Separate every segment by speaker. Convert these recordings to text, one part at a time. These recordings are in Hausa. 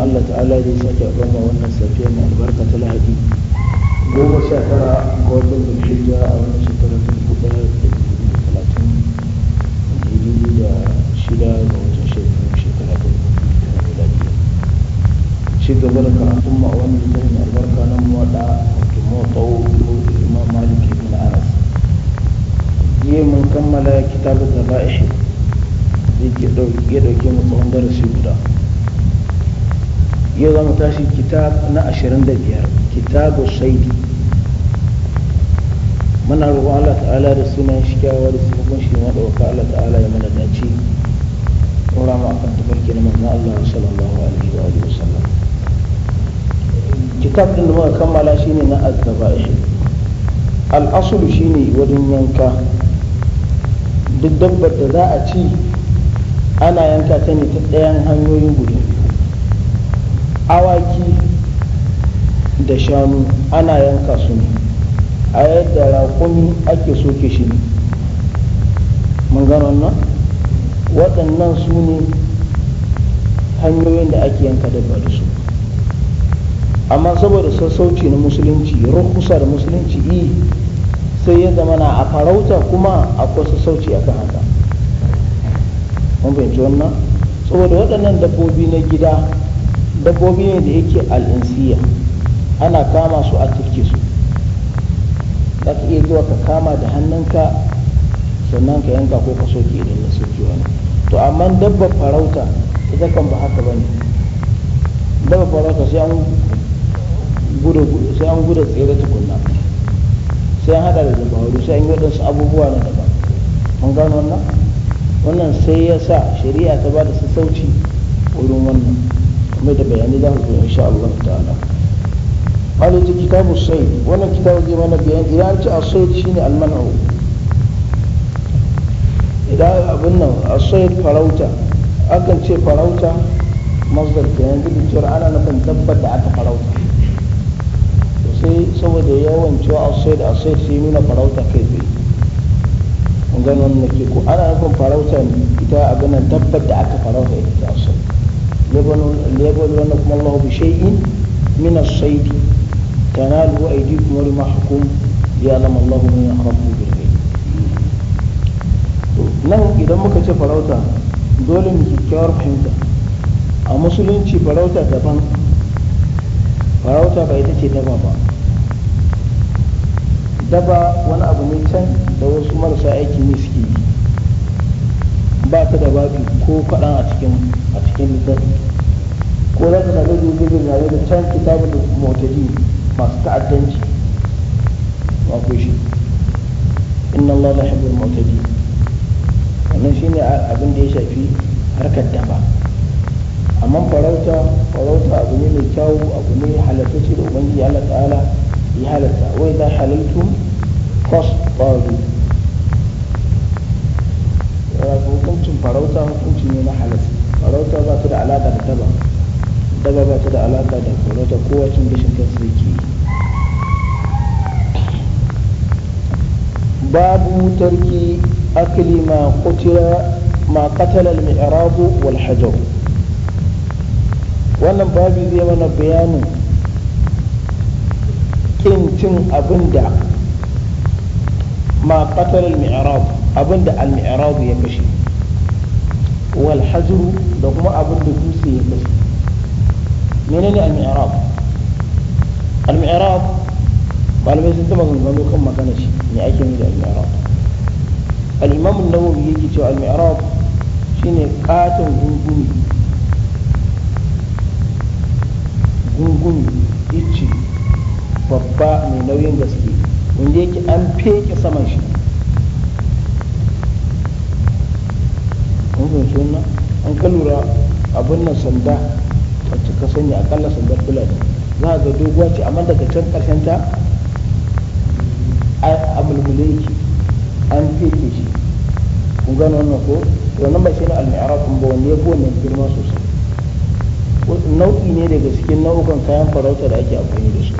Speaker 1: Allah ta'ala zai sake gama wannan safiya mai albarka ta lahadi goma sha tara ga watan zulhijja a wannan shekara ta dubu ɗaya da dubu da talatin dubu da shida ga watan shekaru shekara ta dubu da lafiya shi gaba da karatun ma wannan littafi mai albarka nan mawaɗa wato mawaɗau imam malik ibn anas jiya mun kammala kitabu da ba'ishi zai ke dauke mu tsawon darasi guda ya za mu tashi kitab na 25 kitabu saidi muna roƙon Allah ta'ala da sunan shi kyawawa da sifofin shi ma ɗauka Allah ta'ala ya mana dace ɗora ma akan tafarki na manzon Allah sallallahu alaihi wa alihi wasallam kitab din da muka kammala shine na az al al shi shine wajen yanka duk dabbar da za a ci ana yanka ta ne ta ɗayan hanyoyin guda biyu awaki da shanu ana yanka su ne a yadda raƙumi ake soke shi ne mun gano nan waɗannan su ne hanyoyin da ake yanka dabba da su amma saboda sassauci na musulunci rukusa da musulunci yi sai ya zama na a farauta kuma akwai sassauci akan haka mun fahimci wannan saboda waɗannan dabbobi na gida dabbobi ne da yake al'insiya ana kama su a turke su za ka iya zuwa ka kama da hannunka sannan ka yanka ko ka soke idan na soke wani to amma dabba farauta ita kan ba haka ba ne dabba farauta sai an gudu sai an gudu tsere tukunna sai an hada da dabaru sai an yi waɗansu abubuwa na daban mun gano wannan wannan sai ya sa shari'a ta ba da sassauci wurin wannan kuma da bayani da mu insha Allah ta'ala wani ta kitabu sai wannan kitabu zai mana bayani idan an sai shi ne almanu idan abin nan a sai farauta akan ce farauta masdar kenan duk da ana nufin dabbar da aka farauta sai saboda yawan cewa asayid asayid sai nuna farauta kai tsaye ganin na ke ko ana nufin farauta ita abin nan dabbar da aka farauta ita ta sai ليبلونكم الله بشيء من الصيد تناله أيديكم ورماحكم ليعلم الله من يخافه بالغيب nan idan muka ce farauta dole mu kyawar fahimta a musulunci farauta daban farauta ba ita ce daba ba daba wani abu ne can da wasu marasa aikin ne suke yi ba ta da babi ko faɗan a cikin a cikin littafi ko za ta zaɓe dubi bin zaɓe da can kitabun motaji masu ta'addanci ba ku shi inna Allah la hibbul motadi wannan shine abin da ya shafi harkar daba amma farauta farauta abu ne mai kyau abu ne ce da ubangiji Allah ta'ala ya halatta wai za halaltum fasfaru wato hukuncin farauta hukunci ne na halas farauta ba ta da alaƙa da daba daba ba ta da alaƙa da farauta kowacin gashin kansa yake babu tarki akli ma qutila ma qatala al-mi'rab wal hajar wannan babu zai mana bayanin kin cin abinda ma qatala al-mi'rab abin da al miradu ya kashe wal hajru da kuma abin da dutse ya kashe menene al mirad al mirad malamai sun taba gangano kan magana shi ne ake nuna al mirad al-imam an-nawawi yake cewa al mirad shine katon gungumi gungumi ice babba mai nauyin gaske wanda yake an feke saman shi fahimci suna an ka lura abin nan sanda wacce ka sanya akalla sandar fulani za a ga doguwa ce amma daga can ƙarshen ta a mulmule yake an feke shi kun gano wannan ko wannan ba shi ne al-mi'rafun ba wani yabo ne girma sosai nau'i ne daga cikin nau'ukan kayan farauta da ake amfani da su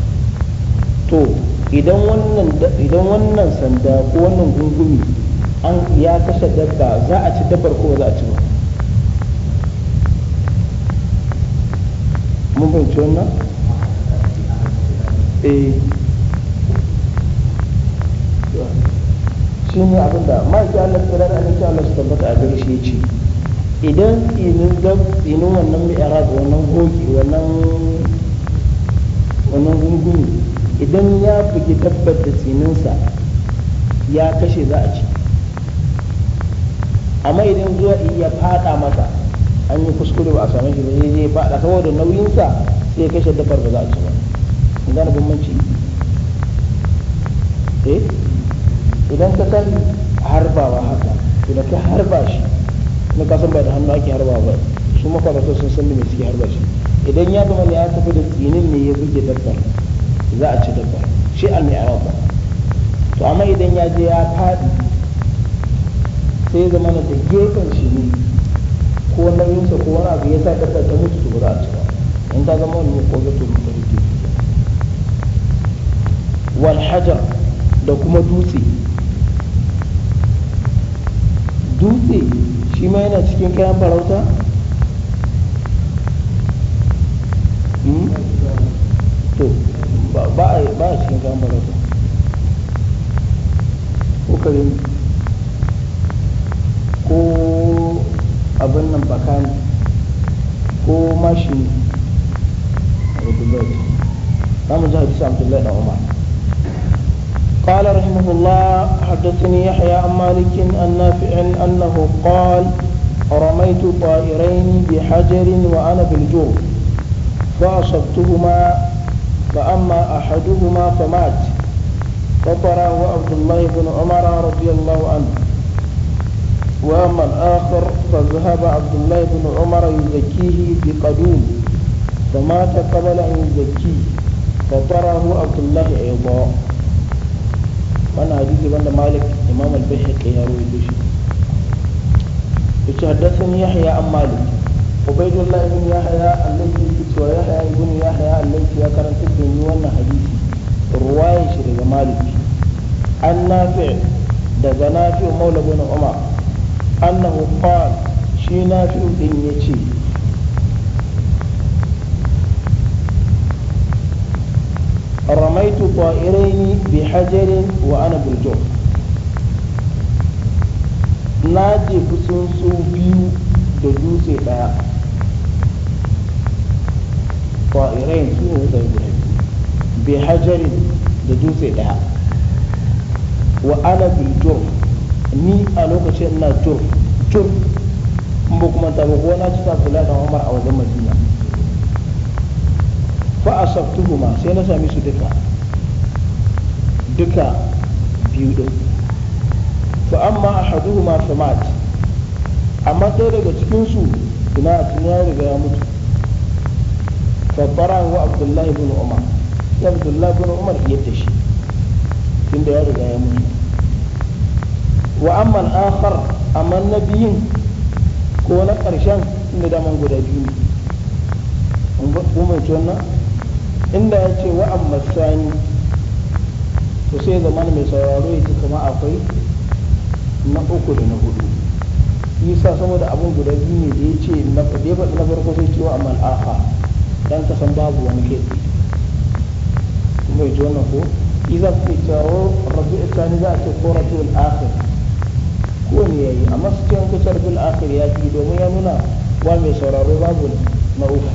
Speaker 1: to idan wannan idan wannan sanda ko wannan gungumi an ya kashe dabba za a ci dabbar ko za a ci ba mun fahimci wannan eh shi ne abin da ma'aiki Allah tsira da alaƙi Allah su tabbata a gari shi ce idan tsinin gab tsinin wannan mi'arab wannan hoki wannan wannan gungumi idan ya bugi dabbar da tsininsa ya kashe za a ci amma idan zuwa ya fada masa an yi kuskure ba a same shi ba zai fada saboda nauyinsa sai kashe dabar ba za a ci ba in gane bambanci eh idan ka san ba haka idan ka harba shi ka san ba da hannu ake harba ba su makwabata sun san me mai suke harba shi idan ya zama ya tafi da tsinin ne ya buge dabbar za a ci dabbar shi al-mi'rab to amma idan ya je ya fadi sai zama na da gefen shi ne ko na yinsa ko wani abu ya sa ƙasa ta mutu to ba za a cika in ta zama wani ko zato mutu da ke wal hajar da kuma dutse dutse shi ma yana cikin kayan farauta hmm? to ba a cikin kayan farauta ko kare ko abin nan baka ne ko mashi ne a dubai za mu ji hadisi abdullahi da umar قال رحمه الله حدثني يحيى عن مالك عن نافع انه قال رميت طائرين بحجر وانا بالجوف فاصبتهما فاما احدهما فمات فطراه عبد الله بن عمر رضي الله عنه وأما الآخر فذهب عبد الله بن عمر يزكيه بقدوم فمات قبل أن يزكيه فطره عبد الله أيضا وانا حديث بن مالك إمام البيهقي يروي به حدثني يحيى عن مالك عبيد الله بن يحيى الذي كتوى يحيى بن يحيى الذي يكرم تبني وانا حديثي الرواية شريك مالك عن نافع دغ نافع مولى بن عمر annahu qal shi nafi'u din yace رميت طائرين بحجر وأنا بالجوف ناجي كسنسو بيو دوسي بها طائرين سوى وزي بحجر دوسي بها وأنا بالجوف ni a lokacin ina tur tur in ba kuma ta ko na ci tafi dan Umar a wajen Madina fa asabtuhuma sai na sami su duka duka biyu din fa amma ahaduhuma fa mat amma dai daga cikin su ina ya riga ya mutu fa wa Abdullah ibn Umar Abdullah ibn Umar yadda shi tunda ya riga ya mutu wa amma al-akhar amma na biyun ko na karshen inda da daman guda biyu ne umar ce wannan inda ya wa amma sani to sai zaman mai sauraro ya kama akwai na uku da na hudu isa saboda abun guda biyu ne da ya ce na faɗe faɗi na farko sai cewa amma al'afa dan ka san babu wani kai kuma ya ji wannan ko isa ke cewa rabi'u sani za a ce ko rabi'u al'akhir kowane ya yi amma su ce wanka sharbin akhir ya fi domin ya nuna wa mai sauraro babu na uku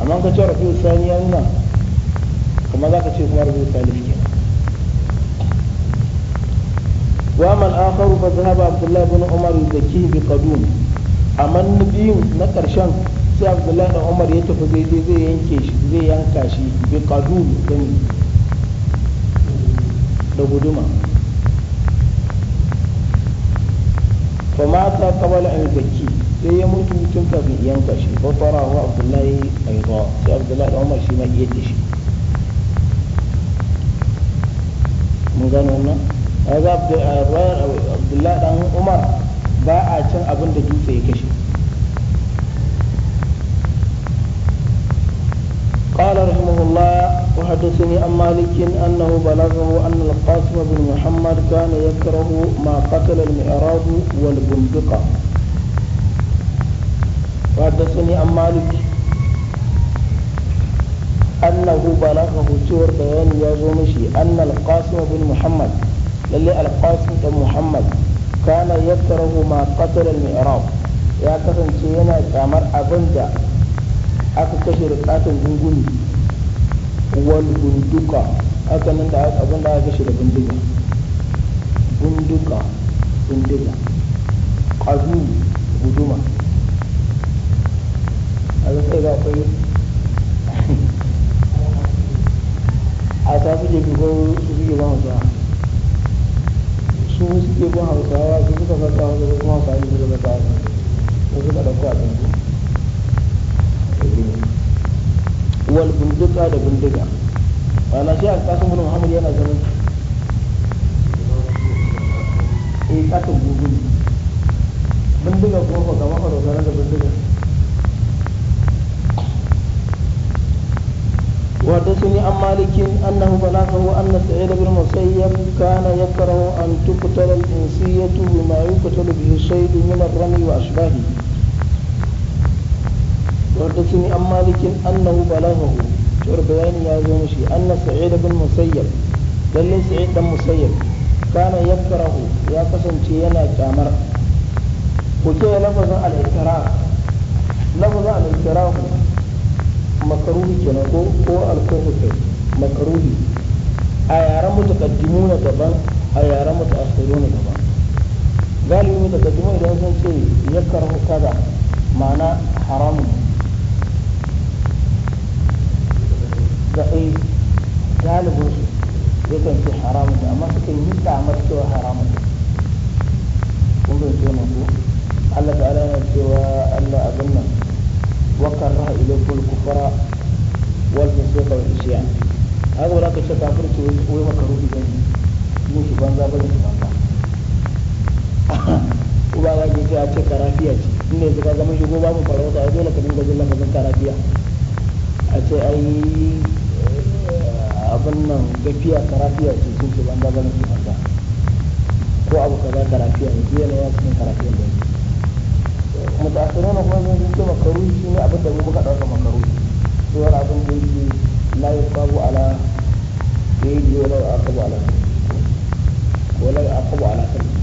Speaker 1: amma ka ce rafi sani ya nuna kuma za ka ce kuma rafi salif ke wa man akharu fa zahaba abdullahi bin umar yuzaki bi qadum amma nabiyin na karshen sai abdullahi bin umar ya tafi daidai zai yanke shi zai yanka shi bi qadum da guduma fa mata qabla an zaki sai ya mutu tun kafin yanka shi fa tarahu abdullahi aiza sai abdullahi umar shi ma iya shi mun gano wannan kaga abdullahi dan umar ba a cin abin da dutse ya kashe قال رحمه وحدثني عن مالك أنه بلغه أن القاسم بن محمد كان يكره ما قتل المعراض والبندقة وحدثني عن مالك أنه بلغه سور بيان يزومشي أن القاسم بن محمد للي القاسم بن محمد كان يكره ما قتل المعراض يا كفن سينا كامر أبندا أكتشر قاتل من wal bunduka haka nan da abin da aka da bindiga bunduka guduma ga akwai a ta suke suke ba hausa su suke ba su suka hausa su kuma ne su hausa su wal bunduka da bindiga ana shi a kasan wani muhammad yana ganin eh kasan gudu bindiga kuma ba kama ka dogara da bindiga وحدثني عن مالك انه بلغه ان سعيد بن المسيب كان يكره ان تقتل الانسيه بما يقتل به الصيد من الرمي واشباهه وحدثني عن مالك أنه بلغه شور بياني يا زومشي أن سعيد بن مسيب للي سعيد بن مسيب كان يكره يا قسم تينا كامر وكي لفظ الاكتراف لفظ الاكتراف مكروه كنكو هو الكفر مكروه أيارا متقدمون دبا أيارا متأخرون دبا galibi mutaqaddimun idan sun ce yakarahu kaza ma'ana haramun ضعيف قالوا ذلك انت حرام انت امسك انت امسك وحرام انت قال تعالى سوى الا اظن وكره اليك الكفراء والفسوق والعصيان هذا ولا تشتا فرت ويمكروا في ذلك موش بانزا بانزا بانزا وبعد ذلك اتشا كرافية ان يزكا زمان يقول بابو فروت اذولا كنين بجلن بزن كرافية اتشا اي abin nan gafiya karafiya ce sun ce ban bazan su haka ko abu kaza karafiya ne ke yana cikin karafiya ne mutasirona kuma sun ce makaruhi shi ne abin da mu muka ɗauka makaruhi cewar abin da yake la yusabu ala yayi yau la yusabu ala ko la yusabu ala kai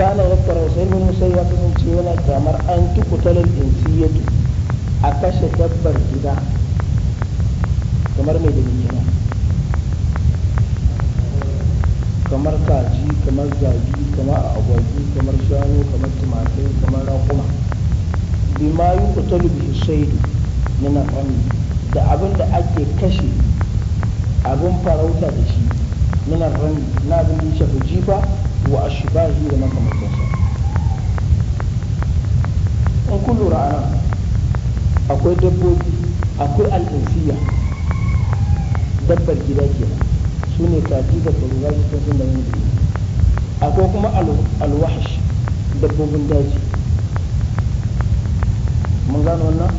Speaker 1: kana yakra sai mun sai ya kasance yana kamar an tukutalin insiyatu a kashe dabbar gida kamar mai da kenan kamar kaji kamar zabi, kamar agwagi kamar shanu kamar tumatir, kamar rakuma ma yi kutalu bihi shaidu na nafani da abin da ake kashe abin farauta da shi na nafani na abin da ya shafi jifa wa ashbahi da makamantansa in kun lura ana akwai dabbobi akwai al'insiya dabbar gida kenan su ne kaji da karuwa su sun da yin akwai kuma alwahash dabbobin daji mun gano wannan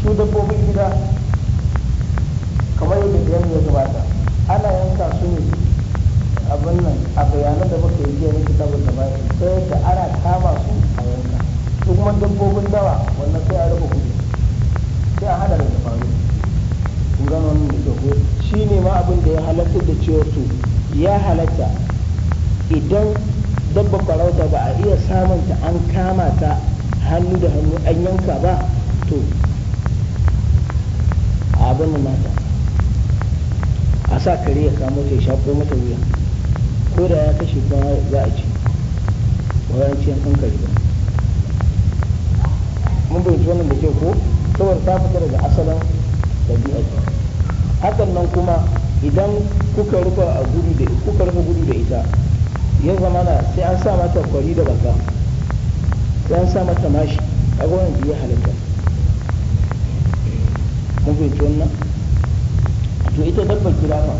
Speaker 1: su dabbobin gida kamar yadda ya gabata ana yanka su ne abin nan a bayanan da muka yi jiya ne kitabun da bai sai da ana kama su a yanka su kuma dabbobin dawa wannan sai a raba kudi sai a hada da dabaru kun gano wannan da kyau shi ne ma abin da ya halatta da ciwon su ya halatta idan dabba farauta ba a iya samun ta an kama ta hannu da hannu an yanka ba to abin nan nata a sa kare ya kamo ta ya shafo mata wuya ko da ya kashe kuma za a ci wani ci an kare ba mun bayyanci wannan da ke ko saboda ta fita daga asalin ɗabi'a hakan nan kuma idan kuka rufe a gudu da kuka rufe gudu da ita ya zama na sai an sa mata kwari da baka sai an sa mata mashi a gwamnan da ya halatta mun fahimci wannan to ita dabbar kirafa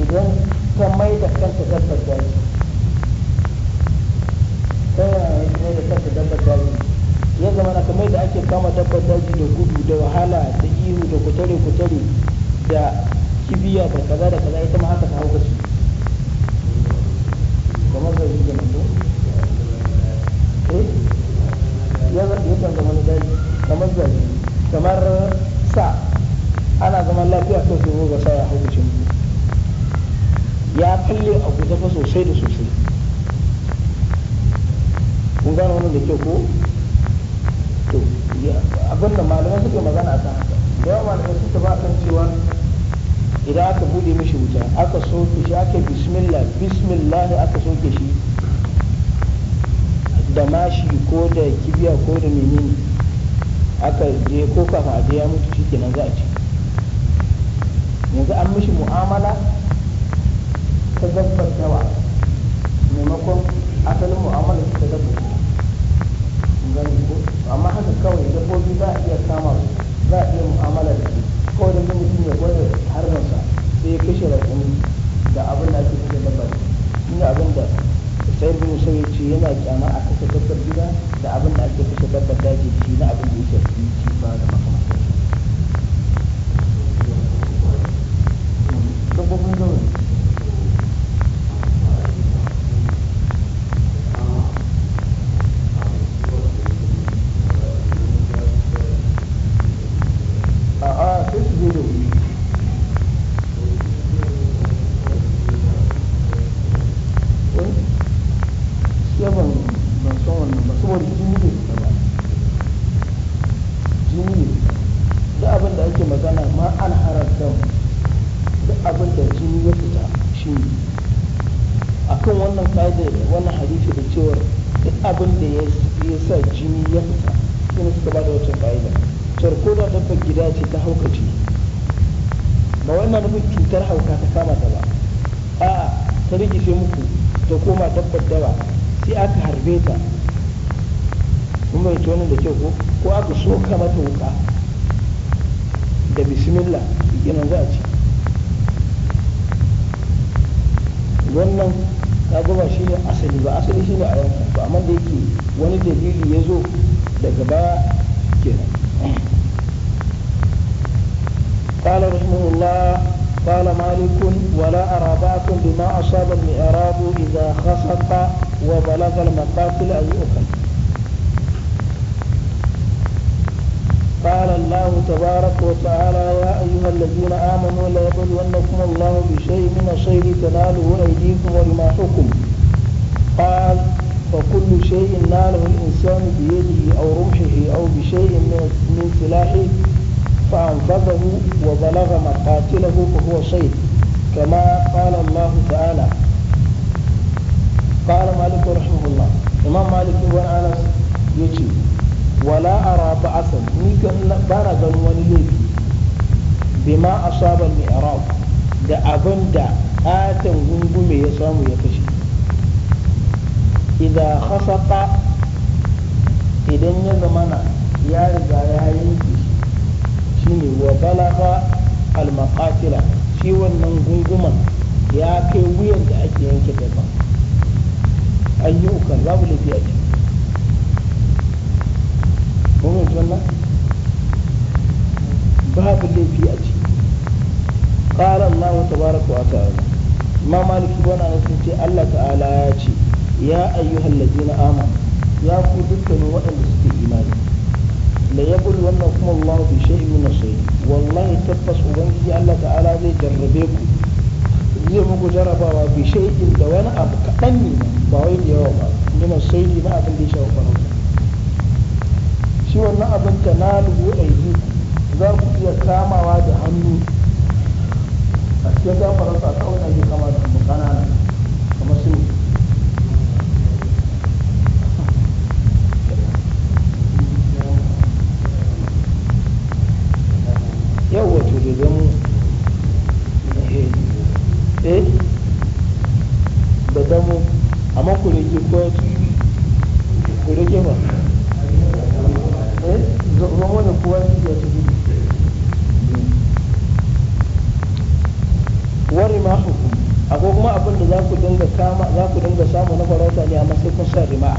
Speaker 1: idan ta mai da kanta dabbar daji ta yaya mai da kanta dabbar daji ya zama na kamar da ake kama dabbar daji da gudu da wahala da iru da kutare kutare da kibiya da kaza da kaza ita ma haka ta hauka su kamar zai yi gina eh ya zama zama na daji kamar zai kamar sa ana zaman lafiya ko su ga sa ya hauka cin ya falle a kusa fa sosai da sosai kun gano wannan da ke ko to abin da malamai suke magana a kan haka da yawa malamai suka ba kan cewa idan aka bude mishi wuta aka soke shi aka bismillah bismillah aka soke shi da mashi ko da kibiya ko da menene aka je ko kafa a ya mutu shi kenan za a ci yanzu an mishi mu'amala ta zabbar dawa maimakon asalin mu'amala ta dabbobi gani ko amma haka kawai dabbobi za a iya kama za a iya mu'amala da kawai da mutum ya gwada harbinsa sai ya kashe rakumi da abin da ake da dabbar ina abin da sai bin sai ce yana kyama a kashe dabbar gida da abin da ake kashe dabbar daji shi bima asabar al-mi'rab da abin da atan gungume ya samu ya kashe idan khasaka idan ya zamana ya riga ya yanki shine wa balaga al-maqatila shi wannan gunguman ya kai wuyan da ake yanke dabba ayyukan babu lafiya ce mun babu laifi a ci qala allah tabaraka wa ta'ala ma maliki bana sun ce allah ta'ala ya ce ya ayyuhal na, amanu ya ku dukkanin waɗanda suke imani la yaqul wannan kuma allah bi shay'in min nasayr wallahi tabbas ubangiji allah ta'ala zai jarrabe ku zai muku jarrabawa bi shay'in da wani abu kaɗan ne ba wai da yawa ba min nasayr na abin da ya shafi farauta shi wannan abin ta na lubu aiki za ku iya kamawa da hannu a ta gafarar sa ta wani ake kama da mukana na kamar su yau wato da zan eh da eh, damu amma ku rage ko ku rage ba eh zama da kowa ya ci wari ma'ukum akwai kuma abin da za ku dinga kama za ku dinga samu na farauta ne amma sai kun sa rima'a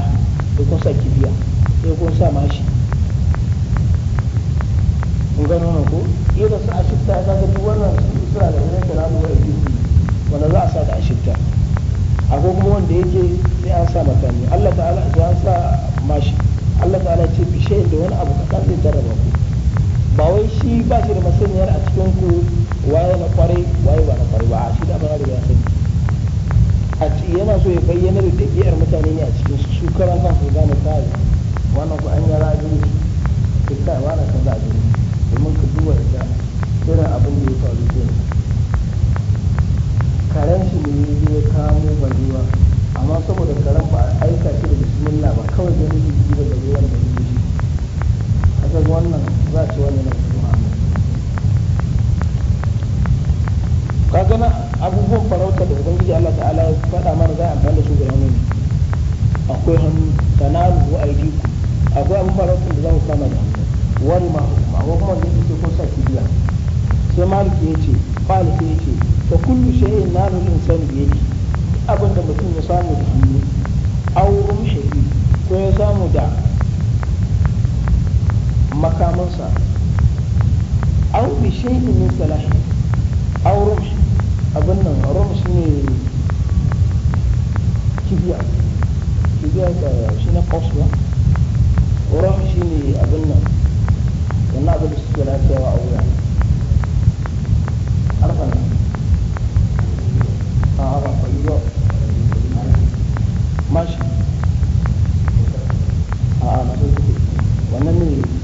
Speaker 1: sai kun sa kibiya sai kun sa mashi kun gano na ko irin su ashifta za ka bi wannan su suna da wani kalamu wa ibi wanda za a sa da ashifta akwai kuma wanda yake sai an sa makami Allah ta'ala sai an sa mashi Allah ta'ala ce bishe da wani abu kaɗan zai jarraba ku ba wai shi ba shi da masaniyar a cikin ku waye na kwarai waye ba na kwarai ba a shi da ba da ya sani a ci yana so ya bayyana da ɗabi'ar mutane ne a cikin su su karan kan su gane kai wannan ku an yi ra'ayi su kai wannan kan za'a gani domin ka duba ita irin abin da ya faru ke karen shi ne ya kamo barewa amma saboda karen ba a aika shi da bismillah ba kawai ganin jiki da barewar da ya shi ka ga wannan za a ci wannan ka gana abubuwan farauta da ubangiji Allah ta'ala ya faɗa mana za a amfani da su ga yawon akwai hannu sanaru ko aiki akwai abin farauta da za ku kama da wani ma hukuma ko kuma zai ce ko sa kibiya sai maliki ya ce kwali sai ya ce fa kullu shay'in sani da yake abin da mutum ya samu da hannu wurin rumshi ko ya samu da makamansa aw bi shay'in min salahi aw abin nan rumh shine kibiya kibiya ga shine qaswa rumh ne abin nan wannan abin da suke lafiyawa a wuya arfa ne a arfa kwallo mashi a masu wannan ne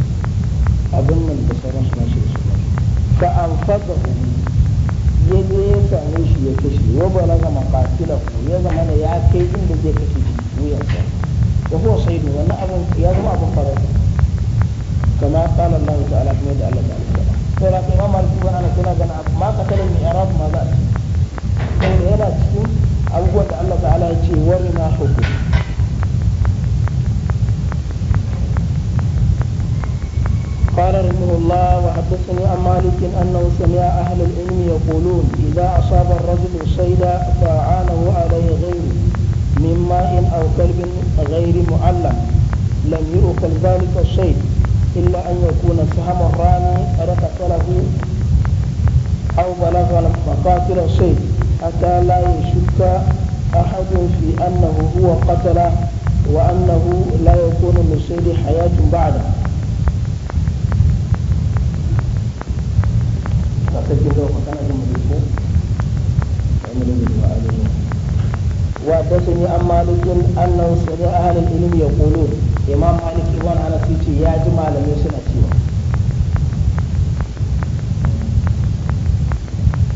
Speaker 1: abin nan da sauran su ya je ya same shi ya kashe ya zama ya kai inda zai kashe shi wuyan sa huwa wannan abin ya zama abin kama Allah ta'ala kuma da Allah ta'ala sai yana gana ma ma za yana cikin abubuwan da Allah ta'ala ya ce warina قال رحمه الله وحدثني عن مالك انه سمع اهل العلم يقولون اذا اصاب الرجل صيدا فاعانه عليه غيره من ماء او كلب غير معلم لم يؤكل ذلك الصيد الا ان يكون سهم الرامي قد قتله او بلغ مقاتل الصيد حتى لا يشك احد في انه هو قتله وانه لا يكون للصيد حياه بعده take zuwa kana jin mu ko وحدثني عن مالك انه سمع اهل العلم يقولون امام مالك ابن انس ce ya ji لم suna cewa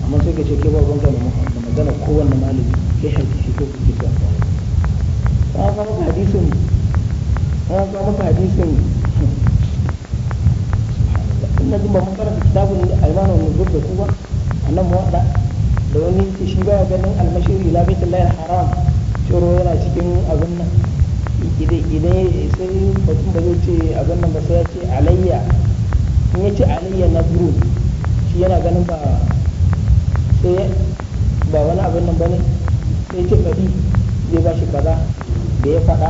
Speaker 1: amma sai ka ce ke babban gama da magana kowanne malami ke haƙi shi ko kuke sa ta samu hadisin ta samu hadisin ina jin ba mun karanta kitabun almanu nuzul da su ba nan mu wada da wani ce shi ba ganin almashiri la bai tallayar haram ciro yana cikin abin nan idan idan sai mutum ba zai ce abin nan ba sai ya ce alayya in ya ce alayya na buru shi yana ganin ba sai ba wani abin nan ba ne sai ce fadi zai ba shi kaza da ya faɗa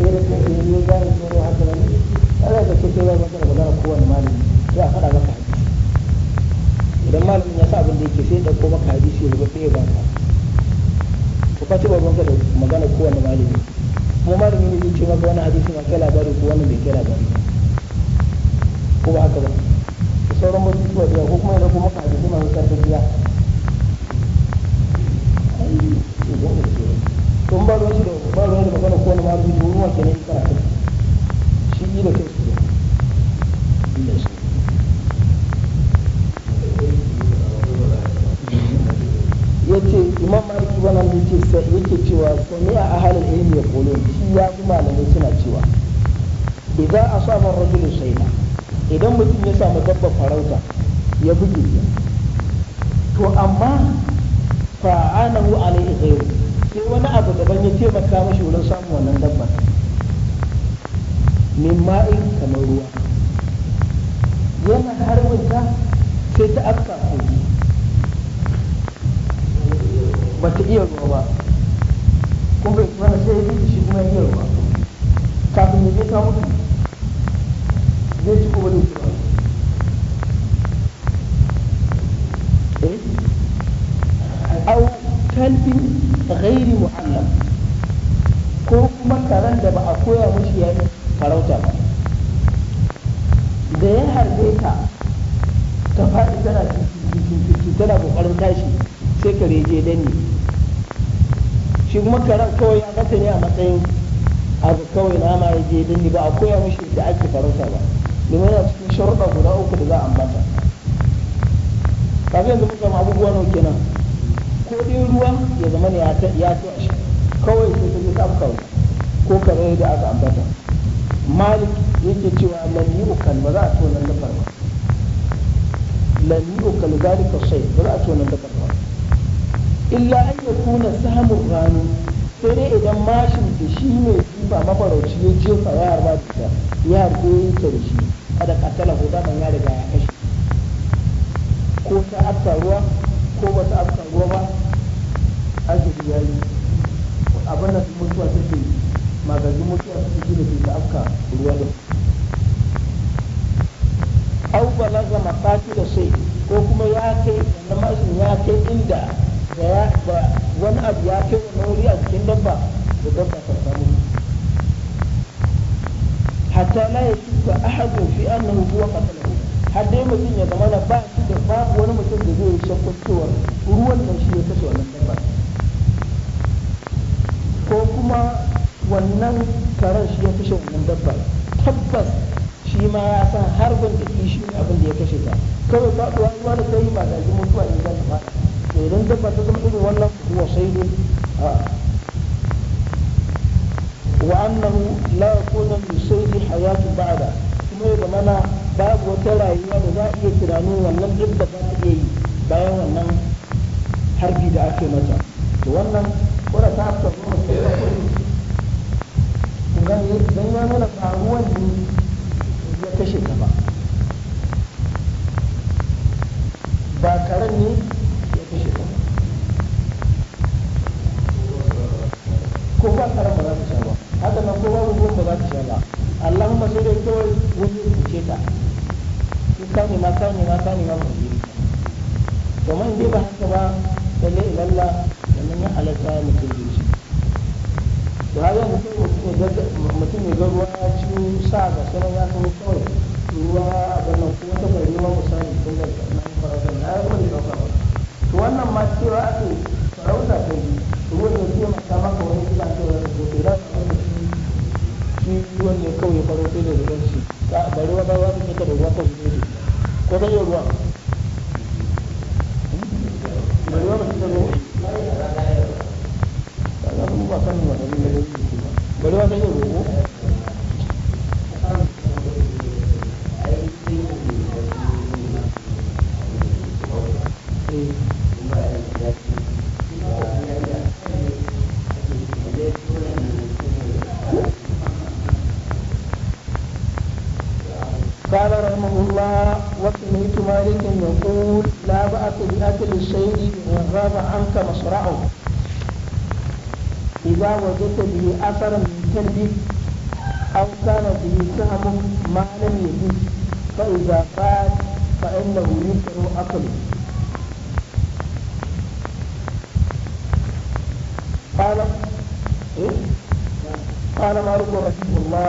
Speaker 1: sai da kuma ya gane haka kada da ke kewa maka da magana kowane malami sai a faɗa maka hadisi idan malamin ya sa abin da yake sai ya ɗauko maka hadisi ya sai ya baka to ka ci babban ka da magana kowane malami kuma malami ne zai ce maka wani hadisi ma kai labari ko wani bai kai labari ko ba haka ba da sauran batutuwa da ko kuma ya ɗauko maka hadisi ma wutar da biya to ba ruwan shi da ba ruwan da magana kowane malami ne ruwa kenan karatu kila ce yace imam maliki wannan yace sai yake cewa sami a halin ilmi ya kolo shi ya fi malamai suna cewa idan asaba rajulu shaida idan mutum ya samu dabba farauta ya buge ta to amma fa'anahu alaihi ghairu sai wani abu daban ya taimaka mashi wurin samun wannan dabbar min ma'in kamar ruwa yana harbinta sai ta afka kogi ba ta iya ruwa ba kuma bai kuma sai ya bi shi kuma ya iya ruwa kafin ya je ta mutu zai ci kuma da ruwa أو كلب غير معلم ko kuma karen da ba a koya mushi yayin farauta da ya harbe ta ta faɗi tana cutu tana kokarin tashi sai kare je ne shi kuma karen kawai ya mata ne a matsayin abu kawai nama ya je ne ba a koya mishi da ake farauta ba domin yana cikin sharuɗa guda uku da za a ambata kafin yanzu muka abubuwa nawa kenan ko ɗin ruwa ya zama ne ya to shi kawai sai ta ko karai da aka ambata malik yake cewa yi yu'kal ba za a tona wannan dabbar lan yi yu'kal zalika shay ba za a tona wannan dabbar ba illa an yakuna sahamur rano sai dai idan mashin da shi mai ba mafarauci ya jefa ya harba da ita ya harbe ya yi da shi kada katala ko daman ya riga ya kashe ko ta afka ruwa ko ba ta afka ruwa ba azumi ya yi abin da mutuwa take yi magajin mutuwa cikin shi ne ke ta afka ruwa da au balaga makati da sai ko kuma ya kai na mashin ya kai inda da ya ba wani abu ya kai wani wuri a cikin dabba da dabba ta samu hatta la a ahadun fi annahu huwa qatalahu har dai mutum ya zama ba shi da babu wani mutum da zai shakku cewa ruwan nan shi ya kashe wannan dabba ko kuma wannan karen shi ya kashe wannan dabba tabbas shi ma ya san harbin da kishi abin da ya kashe ta kawai faɗuwa ruwa da kai ba gaji mutuwa ne zan ba to idan dabba ta zama irin wannan kuwa sai dai wa annahu la yakunu bi sayyi hayatu ba'da kuma ya zamana babu wata rayuwa da za a iya tunanin wannan duk da za ta iya yi bayan wannan harbi da ake mata to wannan kora ta zo zuwa sai gane don ya nuna faruwan ne ya kashe ta ba ba karen ne ya kashe ta ba ko ba karen ba za ta sha ba haka nan ko babu ruwan ba za ta sha ba allahumma sai dai kawai wani kuce ta in ka ma ka ma ka nema ku yi to man dai ba haka ba lalle ilalla da mun yi halatta mutum biyu to haka mutum ya ga ruwa ya ci sa ga sanar ya san kawai ruwa a ganin kuma ta bari ruwa tun da nan farautar na kawai ɗauka ba to wannan ma cewa ake farauta ta yi ruwan ya taimaka maka wani kila ko da shi ruwan ne kawai ya farauta da ruwan shi ba ruwa ba ruwa ta yi ruwa ba ruwa ba ta yi ruwa ba ta yi ruwa ba ta yi ruwa قال رحمه الله وسميت مالك يقول لا بأس بأكل الشيء إن غاب عنك مصرعه إذا وجدت به أثرا sirri an sana da su hamu malin ya fi fa’i zafa fa’in da wuri tsaro akwai ƙala eh ƙala maruwa rahimuwa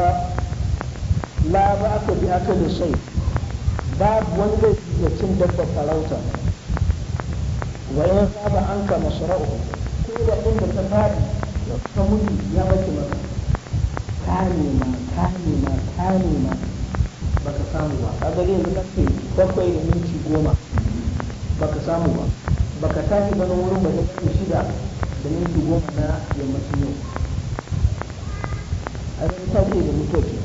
Speaker 1: la ba aka bi aka da shai babu wani da ya cin dabba farauta wa yin saba an kama shara'u ko da inda ta fadi ya kuka muni ya bace maka. ka nema ka nema ka nema baka samu ba ka gari yanzu kake bakwai da minti goma baka samu ba baka tashi ganin wurin ba ta kai shida da minti goma na yammacin yau a zai tashi da mutuwa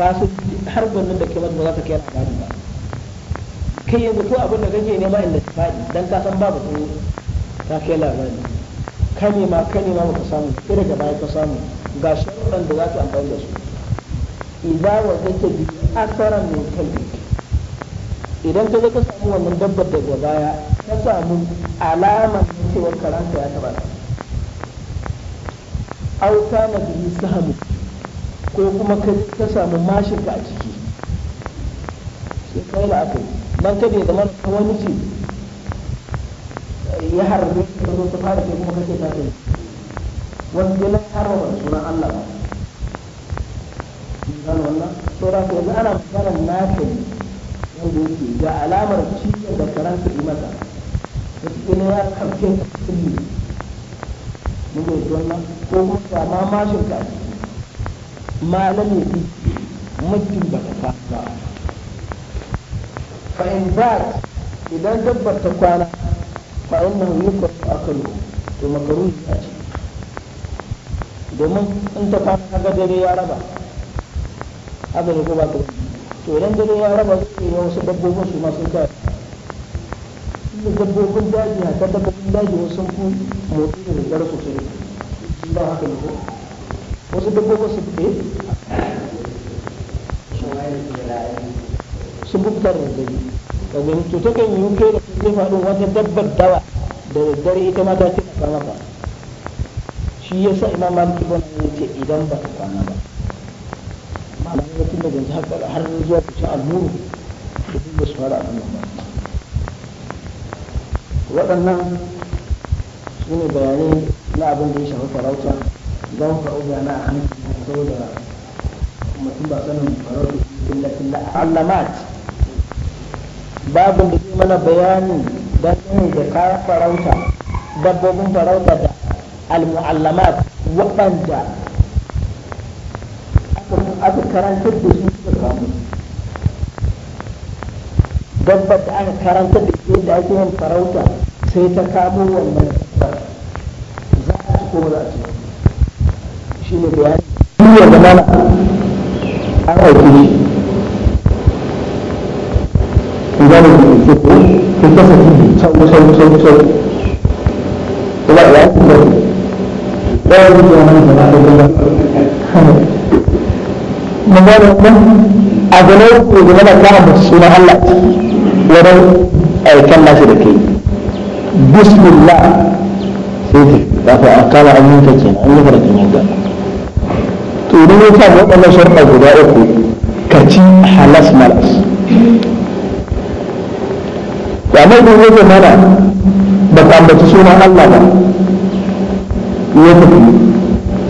Speaker 1: ka su har gwanin da ke mata ba za ta kai labari ba kai yanzu ko abin da kake nema in lissafi dan ka san babu tun ta kai labari ka nema ka nema baka samu sai daga baya ka samu ga sharuɗan da za ta amfani da su idan wa zai bi asaran min kalbi idan ka ka samu wannan dabbar daga baya ka samu alamar cewar karanta ya taɓa au kana bihi sahamu ko kuma ka samu mashinka a ciki sai kai da aka yi don kada ya zama ta wani ce eh, ya harbe ka zo ta fara ke kuma kake ta wani wanda ya harba sunan Allah ba gano wannan saura ka yanzu ana magana ka yi wanda yake ga alamar cikin da ka yi mata na ya karfe kulli mun ga wannan ko kuma ma mashinka a ciki malami lam mutum ba ta ba fa in ba idan dabbar ta kwana fa innahu yukru akalu to makaruhi a ce domin in ta kwana ga dare ya raba haka ne ko ba ta to idan dare ya raba zai yi wasu dabbobin su masu kai da dabbobin daji haka dabbobin daji wasu sun fi motsi da rigar sosai ba haka ne ko wasu dabbobin su eh su buktar da dabi domin to ta kan yi kai da zai faɗo wata dabbar dawa da daddare ita ma ta ce ta ka maka shi ya sa imam maliki ban ya ce idan ba ka kwana ba amma ne tun daga yanzu har zuwa kusa almuru da duk ba su fara a nan waɗannan su ne bayanai na abin da ya shafi farauta za mu faɗo bayana a hannun saboda mutum ba sanin farautu illatin alamat babin da zai mana bayani dangane da kayan farauta dabbobin farauta da al almu'allamat waɗanda aka karantar da su suka kamu dabbar da aka karantar da su da ake yin farauta sai ta kamo wannan za a ci ko za a ci shi ne bayani shi ne zama na an ko kasa
Speaker 2: ya ku ku wani zama ku a gane ku Allah aikan nashi da bismillah sai ta an an kan idan ya ga waɗannan sharɗa guda uku ka ci halas malas ya mai da yake mana ba ka ambaci sunan Allah ba ya tafi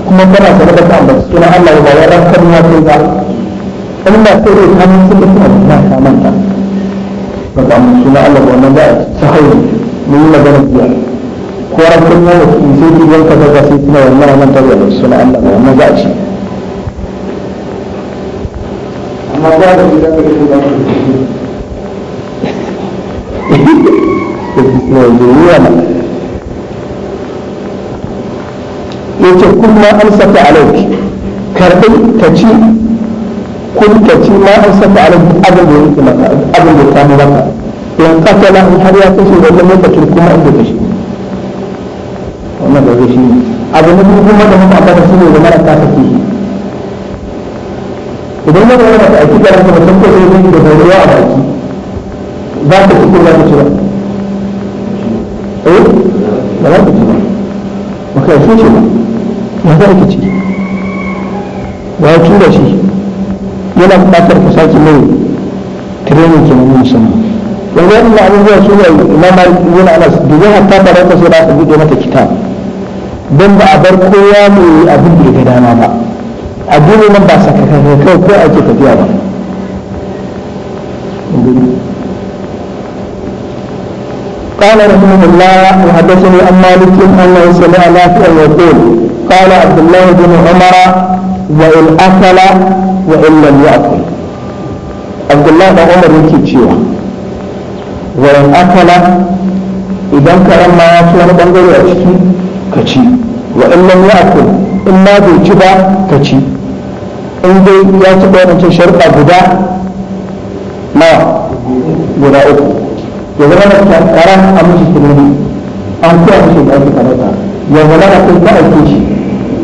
Speaker 2: kuma kana sanar da ka ambaci sunan Allah ba ya ran kan ya kai ba in ba sai dai kan sun da kuma na ka manta ba ka ambaci sunan Allah ba wannan ba ta hauri mun yi magana biya ko ran kan ya mutum sai ki yanka ka ga sai kuma wannan manta da sunan Allah ba wannan ba a ci
Speaker 3: amma ba da gida ka da ku
Speaker 2: yace kun ma an saka alaik ka ci kun ka ci ma an saka abin da yake maka abin da ka maka in katala in har ya kashe wannan lokacin kuma an kashe wannan da zai shi abin da kuma da mutum ne da mara kashe idan yana yana da aiki da ranka mutum ko sai da da doriya a baki za ka ci ko za ka ci eh? ba eh za ka ci ba ba ka yashe shi ba ya za ka ci ya tura shi yana buƙatar ka sake mai training kenan na musamman yanzu yana da abubuwa su ne na malamin anas domin hatta ba ka sai da aka buɗe mata kitab don ba a bar kowa mai abin da ya ga dama ba addini nan ba sakakaka kai ko ake tafiya ba قال رحمه الله وحدثني عن مالك انه سمع نافع يقول قال عبد الله بن عمر وان اكل وان لم ياكل عبد الله بن عمر يكي تشيوا وان اكل اذا كان ما ياكل بنغري اشكي كشي وان لم ياكل in ma bai ci ba ka ci in dai ya ci bayancin sharuɗa guda na guda uku ya zama na kankara a mishi tunani an kuwa mishi da ake karanta ya zama na kai ka aike shi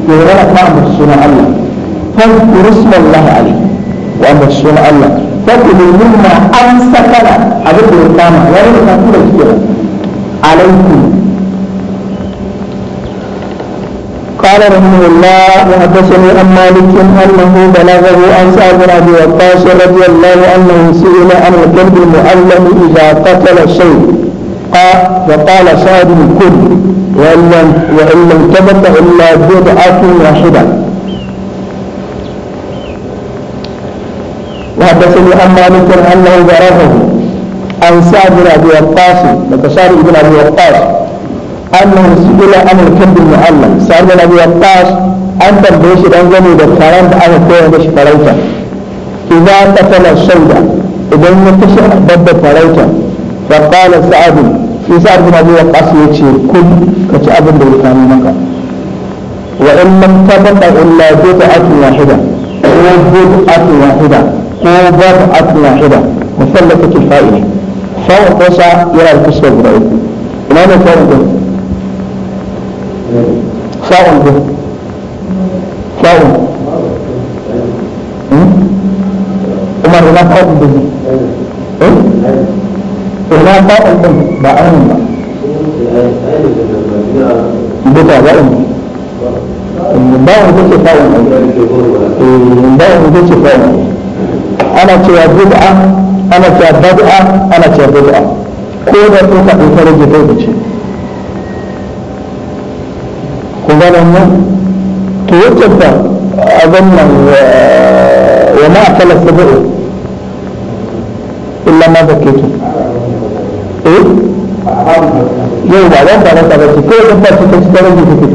Speaker 2: ya zama na ka amince suna Allah kan kurisman Allah ali wa amince suna Allah kan ilimin ma an sakana abin da ya kama ya yi da kafin da kike alaikum قال رحمه الله وحدثني عن مالك انه بلغه عن سعد بن ابي وقاص رضي الله عنه سئل عن الكلب المعلم اذا قتل شيء قال وقال سعد كل وان لم وان لم تبت الا بضعه واحده وحدثني عن مالك انه بلغه عن سعد بن ابي وقاص سعد بن ابي وقاص annahu su ila amal kambin na Allah sa'ad bin Abi Waqqas an tambaye shi dan gane da karan da aka da shi farauta idza qatala shayda idan ya kashe babba farauta fa qala sa'ad shi sa'ad bin Abi Waqqas yace kun ka ci abin da yake maka wa in man tabata illa bi'at wahida ko bi'at wahida ko bi'at wahida musallatu fa'ili fa qasa ila al-kusra guda ina da kawai sha'un ko sha'un kuma hmm? ina fa'un da ne eh? ina fa'un da ba ainihin ba bisa ga in bawan da ke fa'un bawan da ke fa'un ana cewa bid'a ana cewa bid'a ana cewa bid'a ko da ko ka ɗauka rage bai da ce ظلموا توجب أظن وما أكل السبع إلا ما ذكيتم إيه؟ yau ba zan fara ta bace ko dabba ta cikin rage take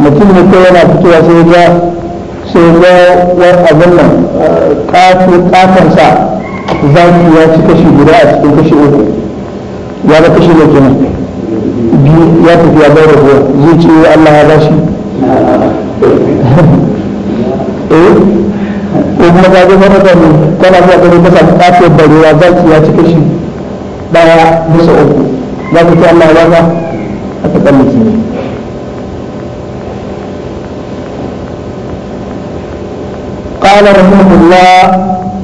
Speaker 2: mutum ne ko yana fitowa sai ga sai ga wa abin nan kafi eh, kafan sa zaki ya ci kashi guda a cikin kashi uku ya ga kashi ne kenan biyu ya tafi ya bai rabuwa zai ce eh, Allah ya bashi eh ko kuma ka ga da ne kana zuwa ka ne masa kafin barewa zaki ya cika shi daya bisa uku za ka ce Allah ya ba a ta tsallake ne قال رحمه الله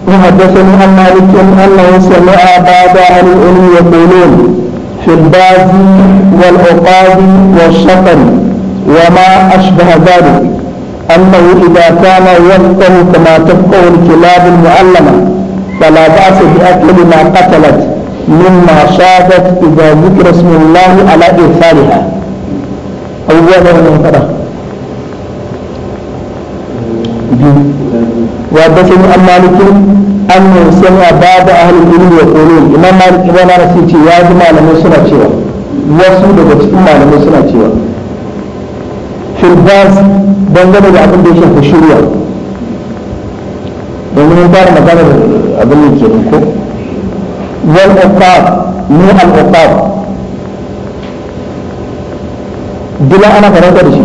Speaker 2: وحدثني عن مالك انه سمع بعض اهل العلم يقولون في الباد والعقاب والشطر وما أشبه ذلك أنه إذا كان يفقه كما تفقه الكلاب المعلمة فلا بأس بأكل ما قتلت مما شادت إذا ذكر اسم الله على إرسالها أولا المنكرة وحدثني عن مالك أنه سمع بعض أهل العلم يقولون إمام مالك إمام أنس يقول يا جماعة لما سنة شوى وصول وتسمع لما سنة شوى في الباس dangane da abin da ya shafi shirya domin ya fara magana da abin da ke ko wal ni al dila ana karanta da shi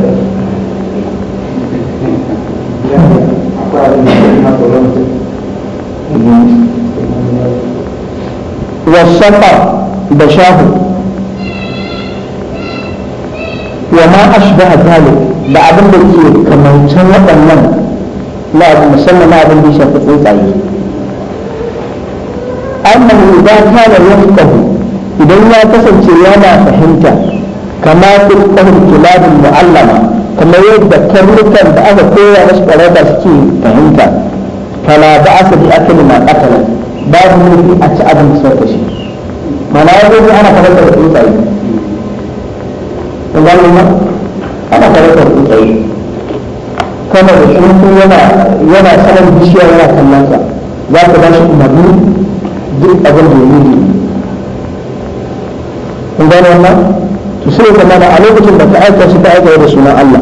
Speaker 2: والسفر بشاه وما أشبه ذلك بعدم بكي كما يتنوى النم لا مسمى ما أبن بيشا تقويت عليه أنه إذا كان يفقه إذا لا تسل شيئا فهمت كما تفقه الكلاب المعلمة كما يبدأ كرلكا بأذى كورا نشبه لدى سكين فهمت فلا بأس بأكل ما قتلت babu mulki a ci abin da da shi mana ya zai ana farautar tsuntsaye kun gano ma ana farautar tsuntsaye kuma da tsuntsu yana yana saman bishiya yana kallon sa za ka ba shi umarni duk abin da ya yi kun gano ma to sai ka mana a lokacin da ka aika shi ka aika da sunan Allah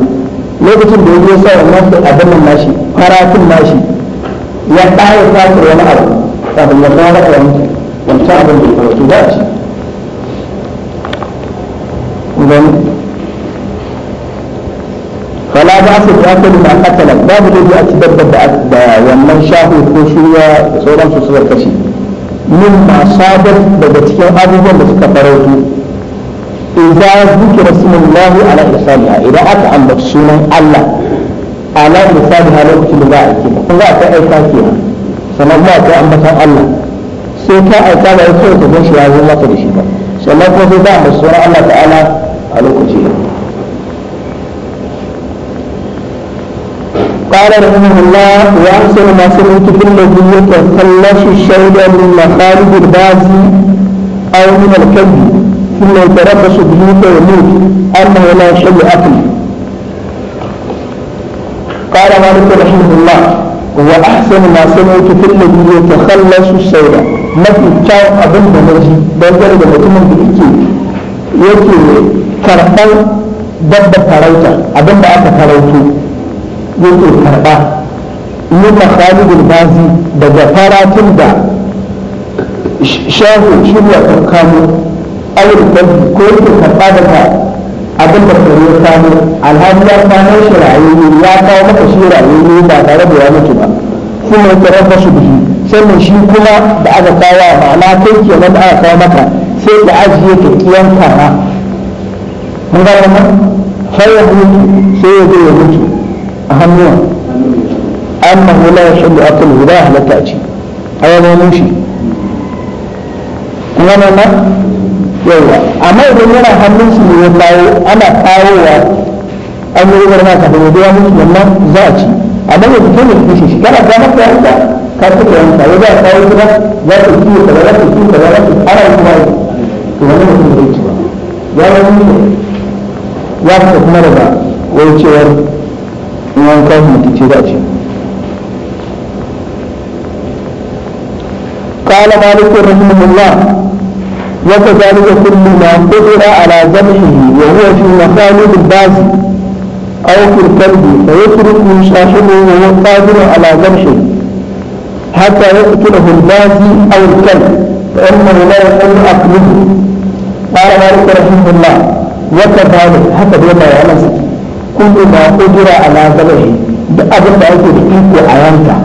Speaker 2: lokacin da ya sa wannan abin nan nashi faratin nashi ya ɗaya fasir wani abu kafin ya da wani wancan abin da ya karatu za a ci fala ba su ya kudu ma katala babu dai a ci dabba da wannan shahu ko shirya da sauransu suka kashe min ma sabar daga cikin abubuwan da suka farautu إذا ذكر اسم الله على إحسانها إذا أتى عن مكسونا الله على a لو كنت لا أكيد فلا تأتى فيها sannan kuma akwai ambatan Allah sai ka aika ba kawai ka gan shi ya zo maka da shi ba sannan kuma sai za a masu sauran Allah ta'ala a lokaci قال رحمه الله وأحسن ما سمعت بالذي يتخلص الشهد من مخارج الباز أو من الكذب ثم يتربص به فيموت أنه لا يشهد أكله قال مالك رحمه الله وأحسن ما سمعت في الذي يتخلص السيرة mafi kyawun abin da na ji dangane da mutumin da yake yake karɓar dabba farauta abin da aka farauto yake karɓa yi makhalibul bazi daga faratun da shahu shirya kankano ayyukan ko yake karɓa daga abin da kuma ya samu alhaji ya samu shi rayuwa ya kawo maka shi rayuwa ba tare da ya mutu ba kuma ya tarar da su bihi sannan shi kuma da aka kawo ma'ana kai ke nan da aka kawo maka sai da ajiye ka kiyan kara mun ga wannan sai ya mutu sai ya zo ya mutu a hannun amma wala ya shaddu akal huda halatta a ci a yanayin shi kuma nan yawa amma idan yana hannun shi ne kawo ana kawowa an yi rubar maka da yadda ya mutu wannan za a ci amma ya fito ne kashe shi kana ta maka yanka ka fito yanka ya za a kawo shi ba za ka kiwo ka za ka kiwo ka za ka ana yi to wani mutum bai ci ba ya wani ya fita kuma daga wani cewar in an kawo mutum ce za a ci قال مالك رحمه الله وكذلك كل ما قدر على ذبحه وهو في مخالب الباس أو في الكلب فيترك صاحبه وهو قادر على ذبحه حتى يقتله الباسي أو الكلب فإنه لا يكون أكله قال مالك رحمه الله وكذلك حتى بما يعلم كل ما قدر على ذبحه بأبن أو تركيك عيانك